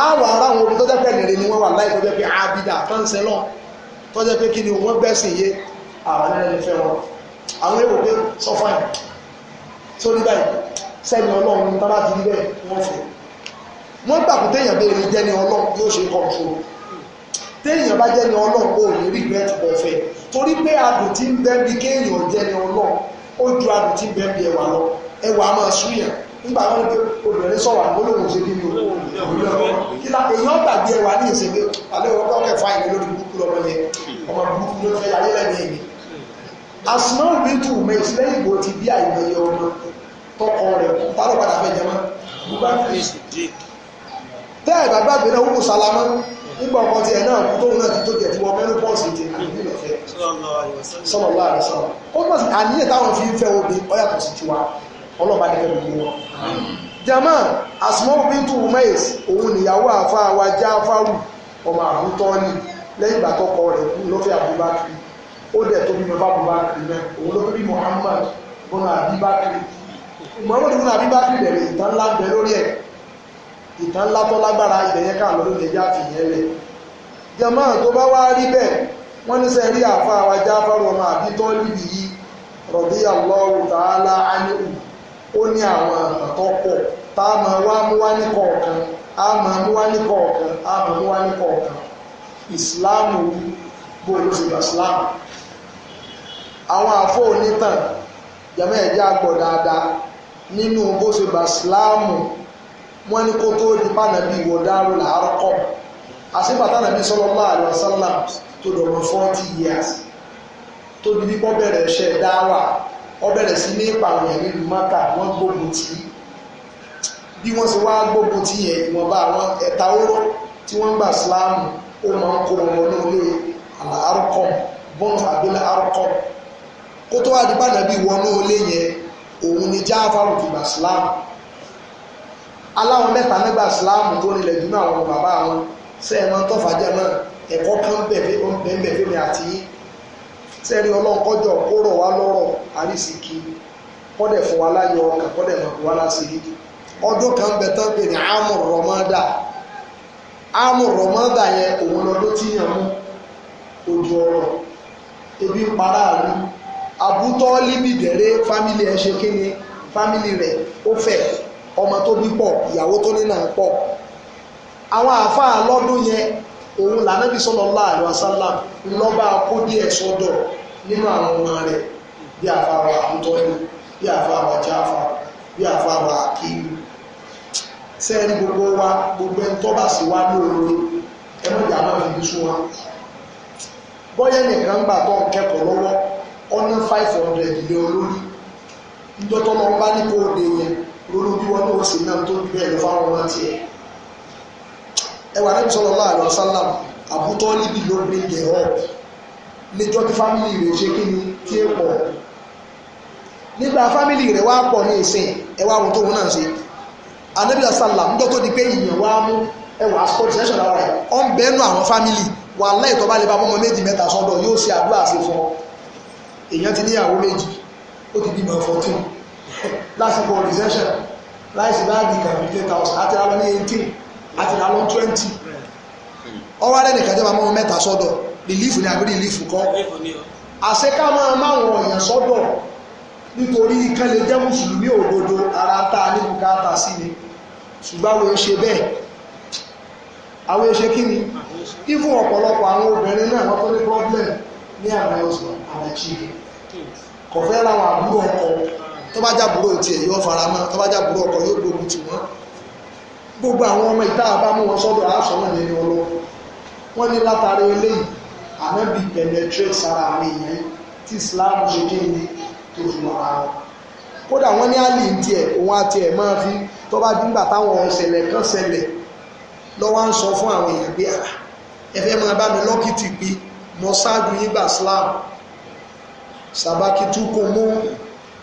a wà ara àwọn orin tọ́jẹ́ pé nìrè ni wọ́n wà láì tọ́jẹ́ pé abidà tánṣẹ́ náà tọ́jẹ́ pé kí ni wọ́n gbẹ́sìn yé àwọn ẹni fẹ́ wọn àwọn èrò pé sọ fún ẹ̀ tó ní báyìí sẹ́ni ọlọ́run tábà ti rí bẹ́ẹ̀ wọ́n fẹ́ wọ́n gbà kó téèyàn bẹ́ẹ̀ ni jẹ́ ni ọlọ́run yóò ṣe kọ̀ọ̀tún téèyàn bá jẹ́ ni ọlọ́run kò ní rí bẹ́ẹ̀ tó bọ̀ fẹ́ torí pé adùn ti ń bẹ́ẹ̀ bí kéèyàn jẹ́ ni ọlọ́run ó ju adùn tí bẹ́ẹ̀ bí ẹwà lọ ẹwà máa súnyàn nígbà wọn pé obìnrin sọ̀rọ̀ àwọn olóhùn ṣe bí mi ò kílá èèyàn gbàgbé ẹwà ní ìṣègbè alẹ́ ọkọ kẹfà ìlú lórí burúkú lọmọ yẹn ọmọ burúkú ló fẹ́ ayé lẹ́nu ẹ̀mí asùnmọ́ òbí tù mẹ́sì lẹ́yìn ìbò ti bí àìmọye ọmọ tọkọ rẹ̀ tálọ́ padà fẹ́ jẹ́ mọ́ tẹ́ẹ̀ bàbá gbé náà ó kò sálámọ́ nígbà ọkọ tiẹ̀ náà kú tóun náà ti tó tiẹ̀ ti wọ mẹ́rin pọ́ọ̀sì ti àbíbí lọ́fẹ́ sọ̀rọ̀ láàrin sọ̀rọ̀ ó pọ̀ sí àníyàn táwọn fi ń fẹ́ obì ọ̀yàtọ̀ sí tiwa ọlọ́ba ní kẹ́mi ní wọn. jama asmau bintu umais òun nìyàwó àfa wa jáfárù ọmọ àbútọ́ọ̀lì lẹ́yìn ìgbà tọkọ rẹ̀ kú lọ́fẹ́ abubakar ó dẹ̀ tó bímọ abubakar náà òun ló bí muhammad bọ́nà abubakar muhammad bọ́nà abubakar bẹ̀rẹ̀ ìtàn ńlá bẹ̀ lórí ìtàn ńlá tó lágbára ìbẹ̀yẹ káàlọ́ ló lè tó bá wá rí bẹ́ẹ̀ wọ́n ní sẹ́ rí àfa àwa ọmọ àbí tọ́lìbì yìí radiyallahu ta'ala ó ní àwọn tá a máa wá mú wá ní kọ̀ọ̀kan a máa mú wá ní kọ̀ọ̀kan a máa mú wá ní kọ̀ọ̀kan ìsìláàmù bó ló ti àwọn àfọ onítàn wọ́n ní kó tó di pànàbí ìwọ̀ dáró làárọ̀ kọ́ àṣìpàtà nàbí sallallahu alaihi wasallam tó dọ̀rọ̀ forty years tó di bíbọ́ bẹ̀rẹ̀ iṣẹ́ dáwà bẹ̀rẹ̀ sí ní ìpànìyàn nílùú wọ́n gbógun bí wọ́n wá wọn ni ti aláwọn mẹ́ta nígbà síláàmù tó nílẹ̀ jù náà àwọn bàbá wọn ṣe é máa ń tọ́fàjà náà ẹ̀kọ́ kan bẹ̀ẹ̀ fẹ́mi àti sẹ́rí ọlọ́nkọ́jọ́ kó rọ̀ wá lọ́rọ̀ àrísìkí kọ́dẹ̀ fún wa láyọ̀ ọkàn kọ́dẹ̀ máa wá láṣìírí ọdún kan bẹ tán pè ní amur rọmọdà amur rọmọdà yẹn òun lọdún tí yàn mú ojú ọrọ̀ ebi ń para àlú abútọ́ líbìdẹ̀rẹ́ fámìlì ẹ̀ ṣe kíni fámìlì rẹ̀ ó fẹ̀ ọmọ tó bí pọ̀ ìyàwó tó ní náà pọ̀ àwọn àáfàá lọ́dún yẹn òun lànàbí sallallahu alaihi wasallam lọ́ba kó díẹ̀ sọ́dọ̀ nínú àwọn ọmọ rẹ̀ bí àfàwà àmútọ́ni bí àfàwà jáfà bí sẹ́ẹ̀rí gbogbo wa gbogbo ẹni tọ́ bá sì wá ní òru fi sún wa bọ́yẹ́ nìkan ń gbà tó ń ronú bí wọn náà ṣe náà tó bẹ́ẹ̀ lọ fáwọn ọmọ tiẹ̀ ẹwà náà sọ̀rọ̀ láàrin ọ̀sálàm àbútọ́ níbi ló gbé yẹ̀ ọ́ níjọ́ tí fámìlì rẹ̀ ṣe kí ni kí é pọ̀ nígbà fámìlì rẹ̀ wá pọ̀ ní ìsìn ẹwà ohun tóun náà ṣe anabi asala dọ́tọ́ di pé ìyẹn wá mú ẹwà asọ́ọ̀tì sẹ́ṣọ̀ lára rẹ̀ ọ́n bẹ́ẹ̀nu àwọn fámìlì wà láì tọ́ bá ọmọ méjì mẹ́ta lásìkò recession láìsí báàgì kan fifteen thousand àti ra lọ ní eighteen àti ra lọ twenty ọwọ́ alẹ́ nìkan jẹ́ màmá wọn mẹ́ta sọ́dọ̀ relief ni àbí relief kọ́ àṣeká máa máwọn èèyàn sọ́dọ̀ nítorí kan lè jẹ́ mùsùlùmí òdodo ara ta ní bùkátà sí ni ṣùgbọ́n àwọn èèyàn ṣe bẹ́ẹ̀ àwọn èèyàn ṣe kí ni even ọ̀pọ̀lọpọ̀ àwọn obìnrin náà wọ́n tó ní problem ní àwọn ẹ̀sùn àwọn ẹ̀ṣin kò fẹ́ ra àwọn àbúrò ọkọ tó bá jábúrò tiẹ̀ yóò fara mọ́ tó bá jábúrò ọkọ yóò gbógun tì wọ́n gbogbo àwọn ọmọ ìta àbámu wọn sọ́dọ̀ aṣọ náà nínú ọlọ́ wọn ní látara eléyìí ànábì penetrate sára àwọn èèyàn tí Islam ṣe dé ní tó fi wọn ara wọn kódà wọn ní àlè tiẹ̀ òun àti ẹ̀ máa fi tó bá dìgbà táwọn ọ̀sẹ̀lẹ̀ kan ṣẹlẹ̀ lọ́wọ́ ń sọ fún àwọn èèyàn bí ara ẹ̀fẹ́ máa bá mi lọ́kìtì pé mo ṣáájú yín gbà Islam sàbákitú kò mú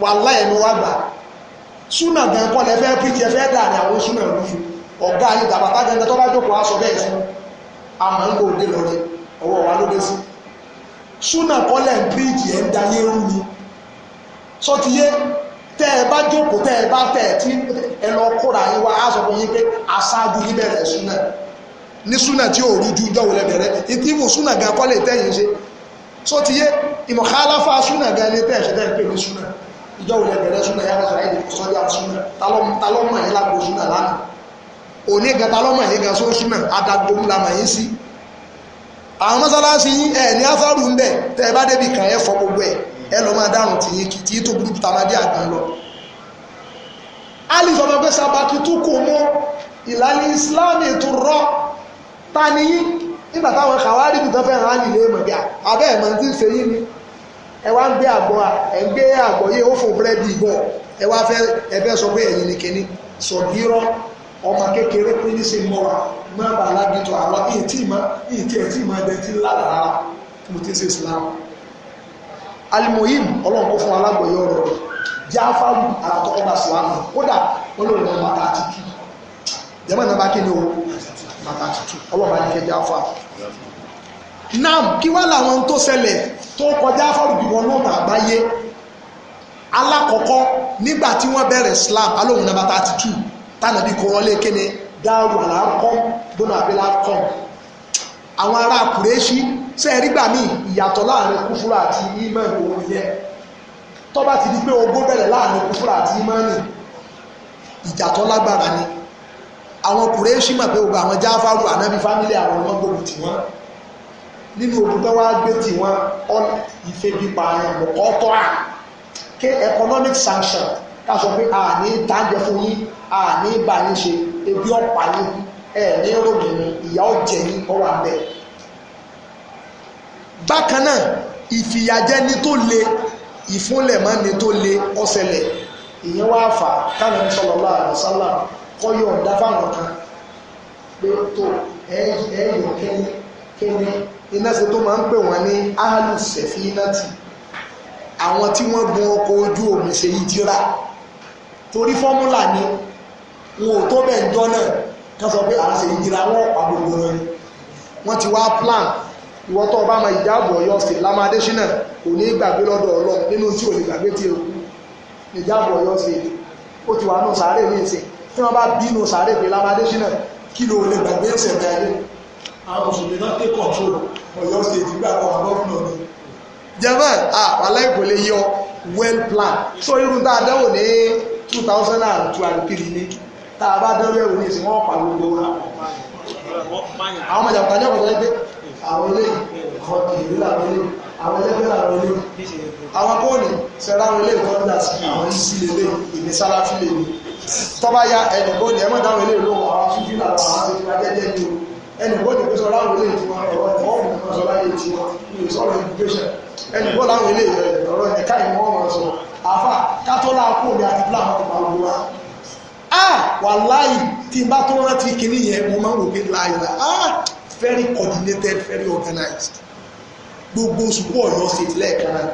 wàláhì ẹnu wá gbà súnà gan kọ́ lẹ fẹ́ píjì ẹ fẹ́ dàrí àwọn súnà lóyún ọ̀gá ayé dàbàtà gẹ́gẹ́ tó bá jókòó aṣọ bẹ́ẹ̀ sí àmọ́ ń kò dé lọ rẹ ọwọ́ wa ló dé sí súnà kọ́ lẹ ń píjì ẹ ń dayé rú ni sọ ti yé tẹ́ ẹ bá jókòó tẹ́ ẹ bá tẹ̀ tí ẹ lọ kóra yín wá aṣọ fún yín pé aṣáájú yín bẹ̀rẹ̀ súnà ní súnà tí ò rí ju ìjọ wọlé bẹ̀rẹ̀ ìtí ìmù súnà gan kọ́ lè tẹ́yìn ṣe sọ ti yé ìmọ̀kálá ni tẹ́ ìjọ òun ẹgbẹ̀rẹ̀ súnà yà fẹ́ sọ̀rọ̀ ìdìbò sọ́jà súnà talọ́mọ̀ yẹn lágbo súnà lánàá òní gan talọ́mọ̀ yẹn gan só súnà adagbo ńlá mà yín sí. àwọn mọ́sálásí yín ẹ̀ ní afárù ń bẹ̀ tẹ́ ẹ bá débi kàn ẹ fọ gbogbo ẹ̀ ẹ lọ́ máa dárùn tì yín tí tó burú tá a máa dé àgbọn lọ. alif ọmọ gbèsè abakí tó kò mọ ìlànà ìsìláàmù ètò rọ ta ni yín nígbà táwọn kàwárí ni ẹ wá ń gbé àgbọ̀ ẹ ń gbé àgbọ̀ yìí ó fò búrẹ́dì ìbọ̀ ẹ wá fẹ́ ẹ fẹ́ sọ pé ẹ̀yìn ni kìíní sọ̀gírọ́ ọmọ kékeré pé ní ṣe mọ́ wa má bàa lágbètò àwọn ètí ìmọ̀ ètí ẹ̀tí ìmọ̀ ẹ̀dẹ̀ tí lálàá mo ti ṣe Islam alimoyim ọlọ́run kó fún alágbọ̀yọ́ ọ̀rọ̀ rẹ̀ jáfáàlù àtọ́ ọba Islam kódà wọn lò lọ́wọ́ bàtà àtìtù jẹ́mọ̀ náà bá kí ni o bàtà àtìtù ọlọ́run bá ní nam kí wá làwọn tó ṣẹlẹ̀ tó kọjá fọ́rùbí wọn lóòtà àgbáyé alákọ̀ọ́kọ́ nígbà tí wọ́n bẹ̀rẹ̀ Islam alóhùn nàbà thirty two tànàbí kò wọlé kéne dáhùn àlàkọ́ dónà àbílà kọ́ àwọn ará kùrẹ́ṣí ṣe é rígbà míì ìyàtọ̀ láàrin kúfúrà àti imán òun yẹn tó bá ti di pé ogó bẹ̀rẹ̀ láàrin kúfúrà àti imánì ìjàtọ̀ lágbára ni àwọn kùrẹ́ṣí mọ̀ pé gbogbo àwọn jáfárù ànábì fámílì àwọn ọmọ gbogbo tiwọn nínú òkúta wá gbé tí wọn ọ̀nà ìfẹ́ pípa àyàn lọ́kọ́ tọ́ à ké economic sanction ká sọ pé àní ìtàjẹ fún yín àní ìbá yín ṣe ebi ọ̀pá yín ẹ̀ ní rògìn ìyá ọ̀jẹ̀ yín ọ̀wà bẹ́ẹ̀. bákan náà ìfìyàjẹni tó le ìfúnlẹ̀mọ́ni tó le ọ̀sẹ̀lẹ̀ ìyẹn wá fà káwọn ń sọ̀rọ̀ láàrin sálà kọ́yọ̀ ọ̀dá fáwọn kan pé tó ẹ̀yọ̀ kẹ́ni kẹ́ni iná ṣe tó máa ń pè wọ́n ní áhàlù sẹ̀fínàtì àwọn tí wọ́n gun ọkọ̀ ojú omi ṣe yí jíra torí fọ́múlà ni wọn ò tó bẹ̀ ń jọ́ náà kán sọ pé àwọn ṣe yí jíra wọ́n pa gbogbo rẹ̀ wọ́n ti wá plan ìwọ́n tó ọba máa ìjáàbò Ọ̀yọ́ state lámà Adésínà kò ní gbàgbé lọ́dọ̀ Ọlọ́run nínú tí ò lè gbàgbé tí ewu ìjáàbò Ọ̀yọ́ state ó ti wà nù sàárè ní ìsìn tí wọ́n bá bínú sàárè pé lámà Adésínà kí ló lè gbàgbé ẹ̀sẹ̀ bẹ́ẹ̀ àwọn mùsùlùmí náà take control Ọ̀yọ́ state nígbà kan àwọn gómìnà ni. german àpàlẹ́ ìkọlẹ̀ yọ well plan so irun tá a dánwò ní two thousand and twenty ní tá a bá dánwò ẹ̀wò ní ìsìn wọn pa gbogbo wọn. àwọn ọmọ jàpùtà ní ọ̀pọ̀lọpọ̀ ẹgbẹ́ àwọn eléyìí kan kìlú làwọn eléyìí àwọn ẹlẹ́gbẹ́ làwọn eléyìí àwọn kóòní sẹ́ra àwọn eléyìí kan dà sí àwọn ìsì lélẹ̀ ìní sáláfílẹ̀ ni tọ́ba ya ẹnì kóòní ẹ̀mọ́ dáwọn eléyìí lóhùn àwọn fífi làwọn àwọn àti ìfúnra jẹ́jẹ́ ni o ẹnìbọ́dì kó sọ láwọn ilé ìtiwọn ọ̀rọ̀ ẹ̀kọ́ ọ̀hún kan sọ láyé ìtiwọn ní ìsọ̀rọ̀ education ẹnìbọ́ láwọn ilé ọ̀rọ̀ ẹ̀ka ìmọ̀ ọ̀rọ̀ sọ àfà kátólà kó mi àti plan ọgbà gbogbo wa. a wàláì tí n bá tó rántí kinní yẹn mo máa ń rò pé láyé la a very coordinated very organized gbogbo sùkú ọ̀yọ́ state lẹ́ẹ̀kan náà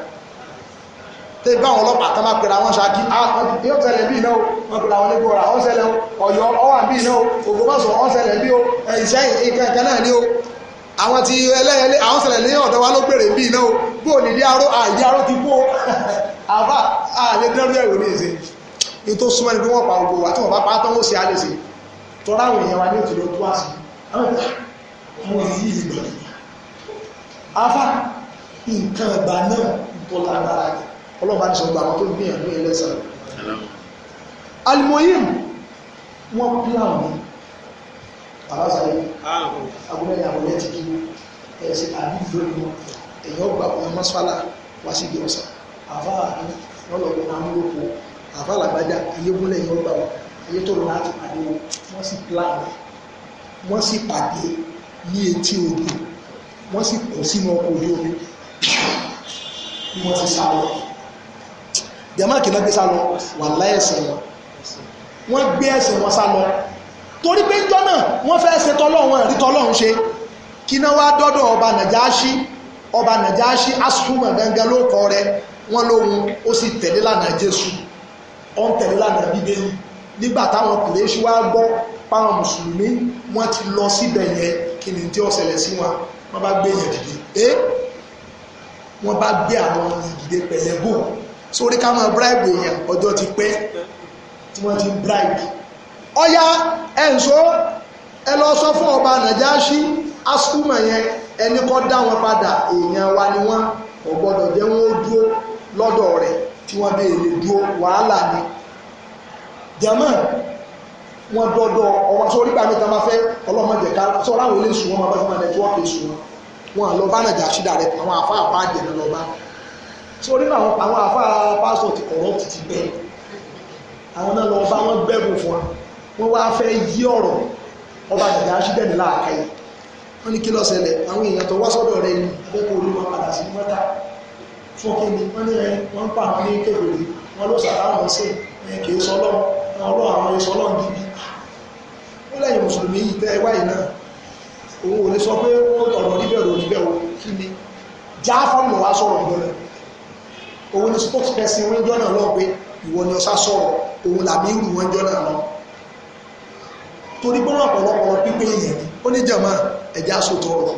tẹ́ bá àwọn ọlọ́pàá tán bá pèrè àwọn ṣáàkì ah, yóò tẹ̀lẹ̀ bí iná wọn pèrè àwọn onígbòrà ọ́n ṣẹlẹ̀ ọ̀yọ́ ọwà bí iná ògbómọ̀ṣọ́ ọ́n ṣẹlẹ̀ bí iṣẹ́ ìkẹ́kẹ́ náà ni ó àwọn ti ẹlẹ́ẹ̀lẹ́ àwọn ṣẹlẹ̀ ní ọ̀dọ̀ wa ló pèrè bí iná ó bó ní dí aró àìdí aró ti kó àbá àlẹ́ dẹ́rú ẹ̀rọ ní ìṣe ní tó súnmọ́ ni pé wọ́n pa gbogbo wa tí wọ́n bá pa tán ó ṣe á lè ṣe tọ́lá àwọn èèyàn wa ní òtún ló tó àṣì àwọn èyí ìgbà afá nǹkan ìgbà náà ń tó lágbára ni ọlọ́ba ní sọ̀gbà àwọn tó ń gbìyànjú yẹn lẹ́sàn. alimoyim wọn plan ni àbáṣáyé agbóhẹ́yà àwọlẹ́ ti kí ẹ̀sìn àbíjọ ìlú èyàn ọgbà ọmọ mọ́sálà wá sí ìgbọ̀nsà àfa ọlọ́ọ̀gbọ̀n amúlòpọ̀ àfa làgbájá ayébúlẹ̀ èyàn ọgbà wọn ayé tó lọ́la ti pàdé wọn wọ́n sì plan wọ́n sì pàdé ní etí odò wọ́n sì kọ̀ sínú ọkọ̀ ojú omi wọ́n ti sá lọ jàmáà kìnnà gbé sá lọ wàláhì ẹ̀sìn wọn wọ́n gbé ẹ̀sìn wọn sá lọ torí pé njọ́ náà wọ́n fẹ́ ṣe tọ́lọ́wọ́n rí tọ́lọ́hún ṣe kíná wá dọ́dọ̀ ọba nàjáṣí ọba nàjáṣí asùnmọ̀ gangan ló kọ rẹ wọ́n lóhun ó sì tẹ̀lé lànà jésù ó ń tẹ̀lé lànà bíbélì nígbà táwọn kùrẹ́ṣí wá gbọ́ páwọn mùsùlùmí wọ́n ti lọ síbẹ̀ yẹn kí ni tí ó ṣẹlẹ̀ sí wọn wọ́n bá gbé yẹn dìde ẹ́ wọ́n bá gbé àwọn yẹn dìde pẹ̀lẹ́gùn sórí ká máa bribe èèyàn ọjọ́ ti pẹ́ tí wọ́n ti bribe ọ̀yá ẹ̀ ń so ẹ lọ sọ fún ọba nàjáṣí asukuma yẹn ẹni kọ́ dá wọn padà èèyàn wa ni wọ́n kò gbọ́dọ̀ jẹ́ wọ́n ó dúró lọ́dọ̀ rẹ̀ tí wọ́n bẹ́ẹ̀ lè dúró wàhálà ni jẹ́mọ́ wọn dọ́dọ̀ ọwọ́ sórí gbàmí tá a máa fẹ́ ọlọ́mọdé ká sọ́ra àwọn ilé ìsúná wọn bá fẹ́ máa nẹ́tíwọ́ọ̀kì ìsúná wọn àlọ́ bá nàjáṣí dàrẹ́ àwọn àfáà bá jẹ̀ lọ́ba so nínú àwọn àwọn àfáà pásítọ̀ ti corrupt ti bẹ́ẹ̀ àwọn náà lọ bá wọn gbẹ́bùn fún wa wọ́n wá fẹ́ yí ọ̀rọ̀ ọba dàda ṣídẹ̀ẹ́nì láàkáyé wọ́n ní kí ló ṣẹlẹ̀ àwọn èèyàn tó wá sọ́dọ̀ rẹ̀ ní abẹ́kọ̀ olúwa padà sí mọ́tà fún kí ni wọ́n ní ẹ wọ́n ń pa àwọn ní kékeré wọn ló sàtàwọn sí ẹ kì í sọlọ́ ọlọ́ àwọn ìsọlọ́ bíbí ó lẹ́yìn mùsùlùmí yìí tẹ́ wáyìí náà òun ò lè sọ pé ó tọ̀rọ̀ níbẹ̀ rò níbẹ̀ kí ni jáfọ́nù wa sọ̀rọ̀ ìbọ̀lẹ̀ òun ni spokesperson wọn jọ náà lọ pé ìwọ ni ọsá sọ̀rọ̀ òun làbí irú wọn jọ náà lọ torí pé wọn ọ̀pọ̀lọpọ̀ pípé èèyàn ni ó ní jàmá ẹ̀já sòtọ̀ ọ̀rọ̀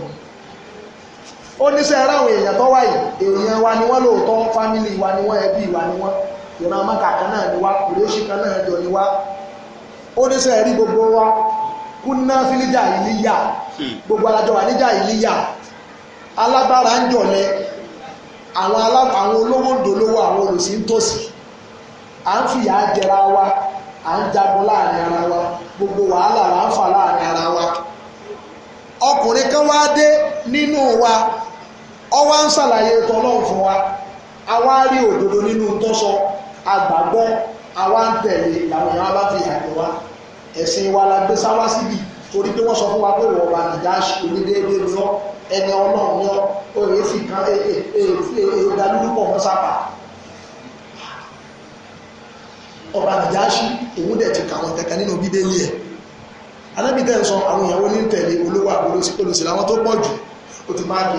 ó ní sẹ́ ara àwọn èèyàn tó wáyé èèyàn wa ni wọ́n lóòótọ́ fámìlì wa ni wọ́n ẹbí wa ni wọ́n ìran amáka kan náà ni wá kùrẹ́ṣì kan náà jọ ni wá ó ní sẹ́ rí gbogbo wa kúnná fílíjà ìlíyà hmm. gbogbo alájọ wà níjà ìlíyà alágbára ń jọ̀lẹ́ àwọn ala àwọn olówó ndòlówó àwọn olùsí ntòsí à ń fìyà jẹra wa à ń jagun láàrin ara wa gbogbo wàhálà là ń fà wa ọkùnrin kan wá dé wa ó ń wa a rí òdodo nínú tọ́sọ àgbàgbọ́ a ń tẹ̀lé làwọn èèyàn bá fi hàn wá ẹ̀sìn wa la gbé sáwá síbi torí pé wọ́n sọ fún wa pé wọ́n bá nìjà onídéédé ni ọ́ ẹni ọlọ́run ni ọ́ òye sì kan ìdálórúkọ wọn sápà ọba nìjà ṣì òun dẹ̀ ti kàwọn kẹ̀kẹ́ nínú bíbélì ẹ̀ alábìtẹ́ ń sọ àwọn ìyàwó ní tẹ̀lé olówó àgbòlósí olùsí làwọn tó pọ̀ jù ó ti máa kí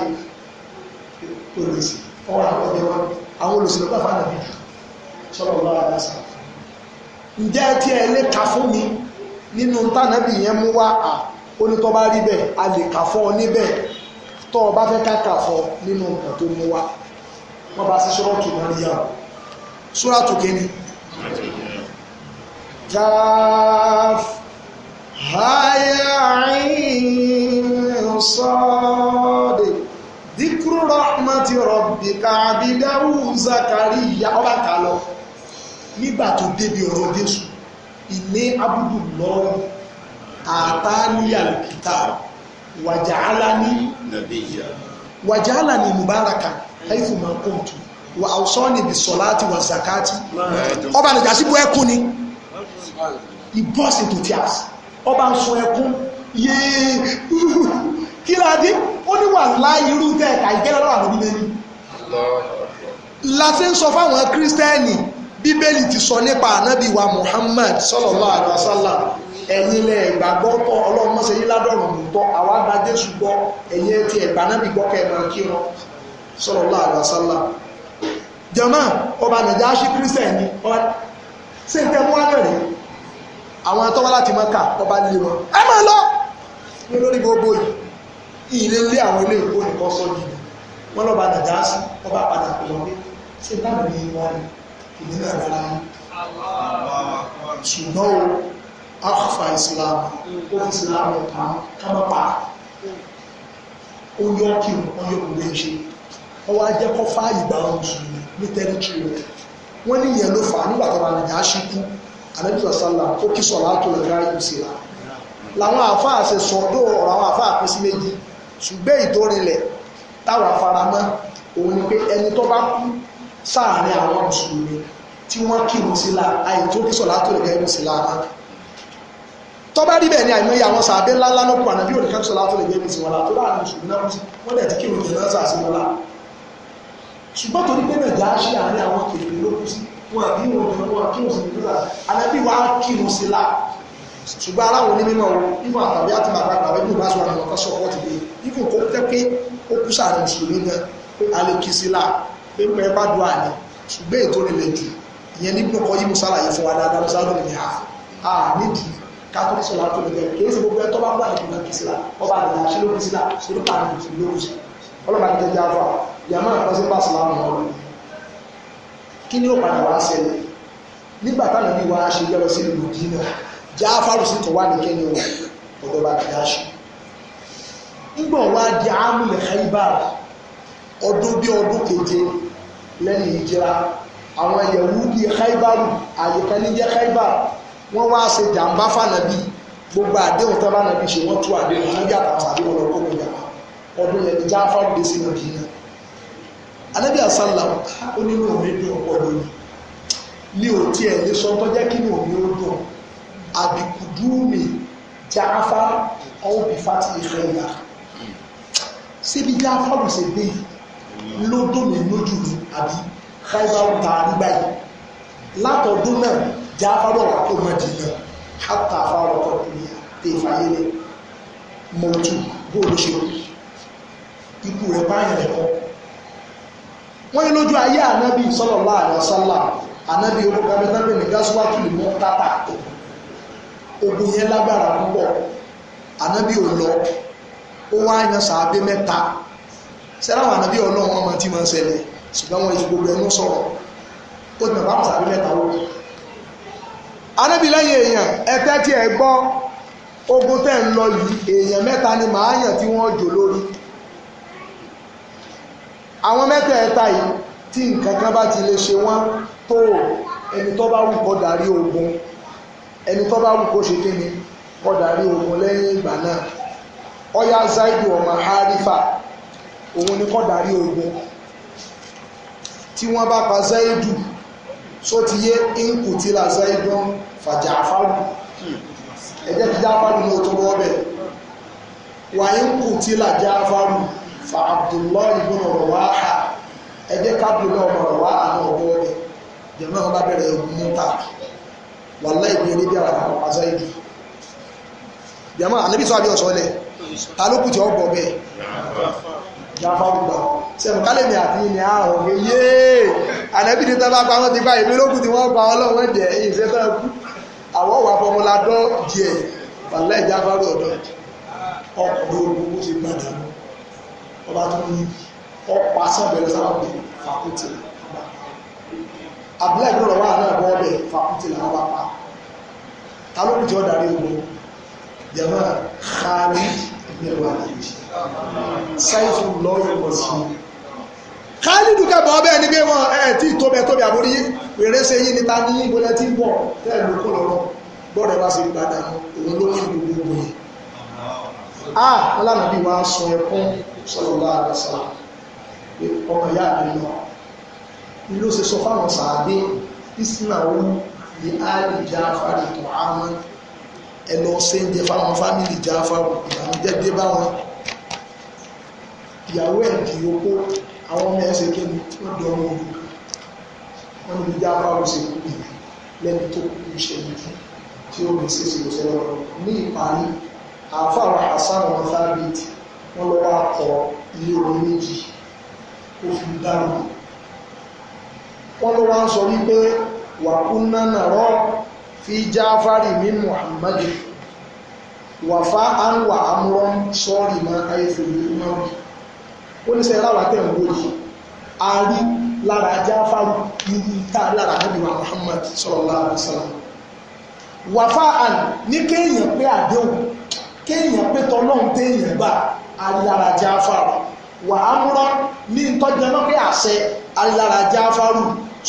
olùsí ọwọ́ àwọn ọdẹ wọn àwọn olùsí lọ́pàá fáwọn ìbí sọ́rọ̀ ọlọ́run àdásà ǹjẹ́ tí ẹ lè ka fún mi nínú tánàbì yẹn mú wá à ó bá rí bẹ́ẹ̀ a lè kà fọ́ ọ níbẹ̀ tó o bá fẹ́ ká kà fọ́ nínú nǹkan tó mú wá wọ́n bá sí ṣọ́ọ̀tù Maryam ṣúrátù kéni kaf haya sọ́ọ̀dẹ̀ díkúrú rahmati rabbika abidahu zakariya ọba kà lọ nígbà tó débi ọ̀rọ̀ Jésù ìní abudu lọ́wọ́ àtàníyà kìtà wàjàálání wàjàálání mubaraka haifu ma kuntu wà àwùsọ́ọ̀nì bí sọ̀láti wà zakati ọba àlejò àsìkò ẹkún ni ìbọ́sì tó ti àsì ọba ń sọ ẹkún yéé kí ládé ó ní wà láìrú tẹ́ẹ̀ka ìgẹ́lẹ́lọ́wà lóbi mẹ́rin la fi ń sọ fáwọn kírísítẹ́nì bíbélì ti sọ nípa ànábì wa Muhammad sallallahu alaihi wasallam ẹ̀yin lẹ ìgbàgbọ́ tọ́ ọlọ́run mọ́sẹ̀ yín ládọ̀rùn mú tọ́ àwa gba Jésù gbọ́ ẹ̀yin ti ẹ̀gbà náà gbọ́ kẹ́ẹ̀mọ́ kí wọn sallallahu alaihi wasallam jọmọ ọba nàìjà ṣí kírísẹ̀ ni ọba ṣe ń tẹ́ mú wá lẹ́rìí àwọn atọ́wọ́ láti máa kà ọba lè wọn ẹ máa lọ ní olórí gbogbo yìí ilé ilé àwọn ilé ìgbó nìkan sọ́ọ̀dì wọn lọ́ba nàìjà sí ọba padà kò wọlé ṣe ń dáhùn ní wọn ni ìbílẹ̀ rárá ṣùgbọ́n o afa islam ó fi islam ọ̀tá kámọ́pá ó yọ kí wọ́n yọ kúrò ṣe wọ́n wá jẹ́ kọ́ fá ìgbà mùsùlùmí ní tẹ́rìtìrì rẹ̀ wọ́n ní ìyẹn ló fà á nígbà tó bá nàjà ṣe kú àdébísọ̀ sálà ó kí sọ̀rọ̀ àtò ìgbà yìí sí ra làwọn àfáà ṣe sọ ọdọ ọ̀rọ̀ àwọn àfáà pín sí méjì sáàárín àwọn mùsùlùmí tí wọ́n kírun sí la àìtó ní sọ̀lá tó lẹ̀gẹ́ ìrun sí la náà tọ́ba rí bẹ́ẹ̀ ni àìmọye àwọn sàbẹ́ ńlá ńlá ló kù ànábí òní kẹ́kọ̀ọ́ sọ̀lá tó lẹ̀gẹ́ ìrun sí wọn la tó láàrin mùsùlùmí náà wọ́n dẹ̀ ti kírun tẹ̀ náà sàásì wọn la ṣùgbọ́n torí pé nàìjà ṣe àárín àwọn kèfèrè ló sí wọn àbí wọn kàn wọn wa kírun la ṣùgbọ́n aláwọn onímọ̀ ìmọ̀ àtàwé àti bàbá àgbà wẹ́gbẹ́ bá sọ̀rọ̀ àwọn kan sọ̀rọ̀ ti dé ìfún kó tẹ́ pé ó kú sàárín mùsùlùmí náà alẹ́ kìí sí la pépè gbàdúrà ni ṣùgbọ́n ètò ìrìnlẹ̀ jù ìyẹn nígbà kan yí musa láyé fún wa dáadáa musa ló ní à ha nídìí kátólí sọlá tó lè kí èsì gbogbo ẹ tó bá ń bá ìpínlẹ̀ kìsìlá ọba àgbà ṣe ló kìsìlá ṣe ló kà ní ìlú lóòsì ọlọ́ba ti tẹ́jú afọ yàmá àkọsí bá sàlámù ọ̀rọ̀ kí ni ó padà wá ṣẹlẹ̀ nígbà táwọn ẹbí wa ṣe yẹ lọ sí ìlú dínà já afárò sí tọwá ní kẹ́ni wọn ọ̀dọ́ bá ti dá ṣe. ń gbọ̀n wá di ámúlẹ̀ káyí báàrà ọdún bí ọdún keje lẹ́yìn ìjìra àwọn Yẹhudi haibaru àyíká níjẹ́ haibaru wọ́n wá ṣe jàǹbá fànàbí gbogbo àdéhùn tó bá nàbí ṣe wọ́n tú àdéhùn wọ́n yàtọ̀ àwọn àdéhùn lọ́kọ́ wọn yàtọ̀ ọdún yẹn ní jáfàrú dé sí Mẹdínà anábì àsálà ó nínú òun dùn ọ̀pọ̀ lónìí ní òtí ẹ̀ ní sọ́tọ́ jẹ́ kí ni òun ó dùn àbìkùdú mi jáfàrú ọ̀bì fati ìfẹ́ yà síbi jáfàrú ṣe dé yìí ló dùn mí lójú ni àbí fáìbáwù tá a rí báyìí látọ̀dún náà já fáwọn wà kó Mẹ́dínà hátà fáwọn ọkọ̀ ìyá tẹ ìfàyẹ́lẹ̀ mọ̀tù bó ló ṣe ikú rẹ̀ báyìí rẹ̀ kọ́ wọ́n yí lójú ayé ànábì sallallahu alaihi wasallam ànábì olùkọ́ mẹ́tàbí ní gásíwájú ìmọ̀ tátà ogun yẹn lágbára púpọ̀ ànábì ò lọ ó wá yan sàábé mẹ́ta sẹ́láwọn ànábí ọlọ́run ọmọ tí wọ́n ṣẹlẹ̀ ṣùgbọ́n wọn ìṣù gbogbo ẹnu sọ̀rọ̀ ó ti bàbá àṣàbí mẹ́ta ó ànábí lẹ́yìn èèyàn ẹ̀tẹ́ tí ẹ gbọ́ ogun tẹ́ ń lọ yìí èèyàn mẹ́ta ni màá yàn tí wọ́n jò lórí àwọn mẹ́ta ẹ̀ta yìí tí nǹkan kan bá ti lè ṣe wọ́n tó ẹni tó bá wù kó darí ogun ẹni tó bá wù kó ṣe kí ni kó darí ogun lẹ́yìn ìgbà náà ọyá zaidu ọmọ harifa òun ni kó darí ogun tí wọ́n bá pa zaidu sótiyé inkutila zaidu fàjà afárù ẹjẹ́ ti jáfárù ní otu rọ́ọ̀bẹ̀ wà inkutila jáfárù fa abdullahi ibn rawaha ẹjẹ́ kábílẹ̀ ọmọ rawaha náà bọ́ọ̀bẹ̀ jẹ̀mọ́ ọba bẹ̀rẹ̀ ogun mọ́ta wàlá ìbéèrè bí ara pa zaidu jẹ̀mọ́ ànábìsọ àbí ọ̀sọ́lẹ̀ ta ló kù tí ọ bọ̀ bẹ́ẹ̀ jáfáwùgbà sẹ́wọ̀n kálẹ̀ ní àti ilẹ̀ ààrùn mi yéé ànẹ́bí ní tọ́lá pa wọ́n ti gba èmi lókùn tí wọ́n gba ọlọ́run ẹ̀jẹ̀ ìṣẹ́ tó kú àwọn òwà fọmọlá dọ́ díẹ̀ wàlẹ́ ìjáfáwù ọ̀dọ́ ọkùnrin olùkú ti gbàdá ọba tó ní ọpa sábẹ̀rẹ̀ sábàbí fàkútì àbá abúlé ìgbọ́dọ̀ wà náà bọ́ ọbẹ̀ fàkútì làwọn bá pa ta ló kù tí ó darí ogun yàrá kárì ìgbẹ́wà nìyí sáyẹ́fù lọ́wọ́ pọ̀ sí i káàlìdù kẹ́bọ̀ ọbẹ̀ ní pé wọ́n ẹ̀ tí tóbi ẹ̀ tóbi àbúrí wèrè ṣe yí níta ní ìbọlẹ̀ tí ń bọ̀ tẹ́ẹ̀ ló kó lọ́rọ̀ bọ́ọ̀rẹ̀ bá ṣe gbàdá òun ló kí gbogbo yìí ah ọlànàbí wa sun ẹkún sọlọ́lá àdàsá pé ọmọ ìyá mi lọ ló ṣe sọ fáwọn sàádé ìsìnàwó ní áàlì jáfárì tó àmọ́ ẹ lọ ṣe ń jẹ fáwọn fámìlì jáfárì ìbànújẹ́ dé báwọn ìyàwó ẹ̀ di opó àwọn ọmọ ẹ̀ṣẹ̀ kí ni wọ́n di ọmọ olùkọ́ wọ́n ní ìjà fáwọn ṣe kú nìyẹn lẹ́nu tó kú ìṣẹ̀lẹ̀ fún tí ó lè ṣe ìṣòro sẹ́yìn ọ̀rọ̀ ní ìparí àáfàá wa Hasan wọn wọ́n lọ́wọ́ akọ ilé orin méjì ó fi dáná wọ́n lọ́wọ́ sọ wípé wàkúnná nàró fi jáfárì mi Muhammadu wàfá àwọn àmúrọ̀ sọ́ọ̀rì máa ayé fèrè náà ó ní sẹ́ láwa tẹ̀ ń wòye a lára jáfàrú irú tá a lára níbi wa Muhammad sallallahu alaihi wasallam wàfà àn ní kéèyàn pé àdéhùn kéèyàn pé tọlọ́hún téèyàn gbà a rí lára jáfàrú wà á múrọ́ ní ìtọ́jú náà pé àṣẹ a rí lára jáfàrú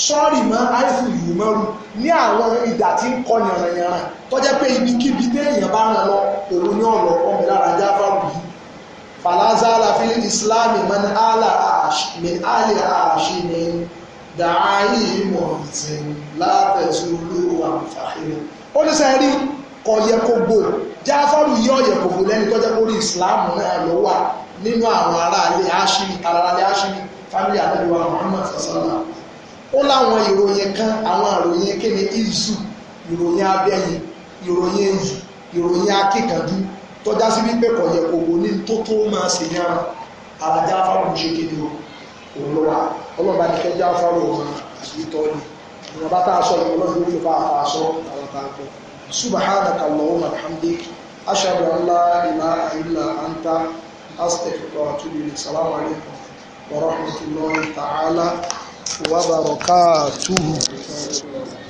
sọ́ọ̀rì mọ́ àìsàn yìí mọ́rù ní àwọn ìdà tí ń kọ yànrànyànrà tọ́jẹ́ pé ibikíbi téèyàn bá ràn lọ òun ní ọ̀rọ̀ ọmọ lára jáfàrú yìí falazala fil islami man ala min ali aṣi ni dàáyì mọ̀tìn látẹ̀sùlù àǹfààní ó ní sẹ́yìn rí kò yẹ kó gbò jáfọ́rù yí ọ̀yẹ̀ kò gbò lẹ́ni tó jẹ́ kó rí ìsìláàmù náà ló wà nínú àwọn ará ilé aṣírí tàràrà ilé aṣírí fámílì àdébíwá Muhammad sasana ó láwọn ìròyìn kan àwọn ìròyìn kéde izu ìròyìn abẹ́yìn ìròyìn èyí ìròyìn akíkanjú tọ́já sí wípé kò yẹ kò wò ní tó tó máa ṣe ní ara ara jáfárò ń ṣe kíni o òun ló wà ọlọ́run bá ní kẹ́ jáfárò ọ̀hún àṣìlítọ́ ni ìwọ̀n bá tá a sọ ìwọ̀n lọ́dún yóò fa àfa sọ àwọn tá a gbọ́ subhanaka allahumma alhamdik ashhadu an la ilaha illa anta astaghfiruka wa atubu ilayk salamu alaykum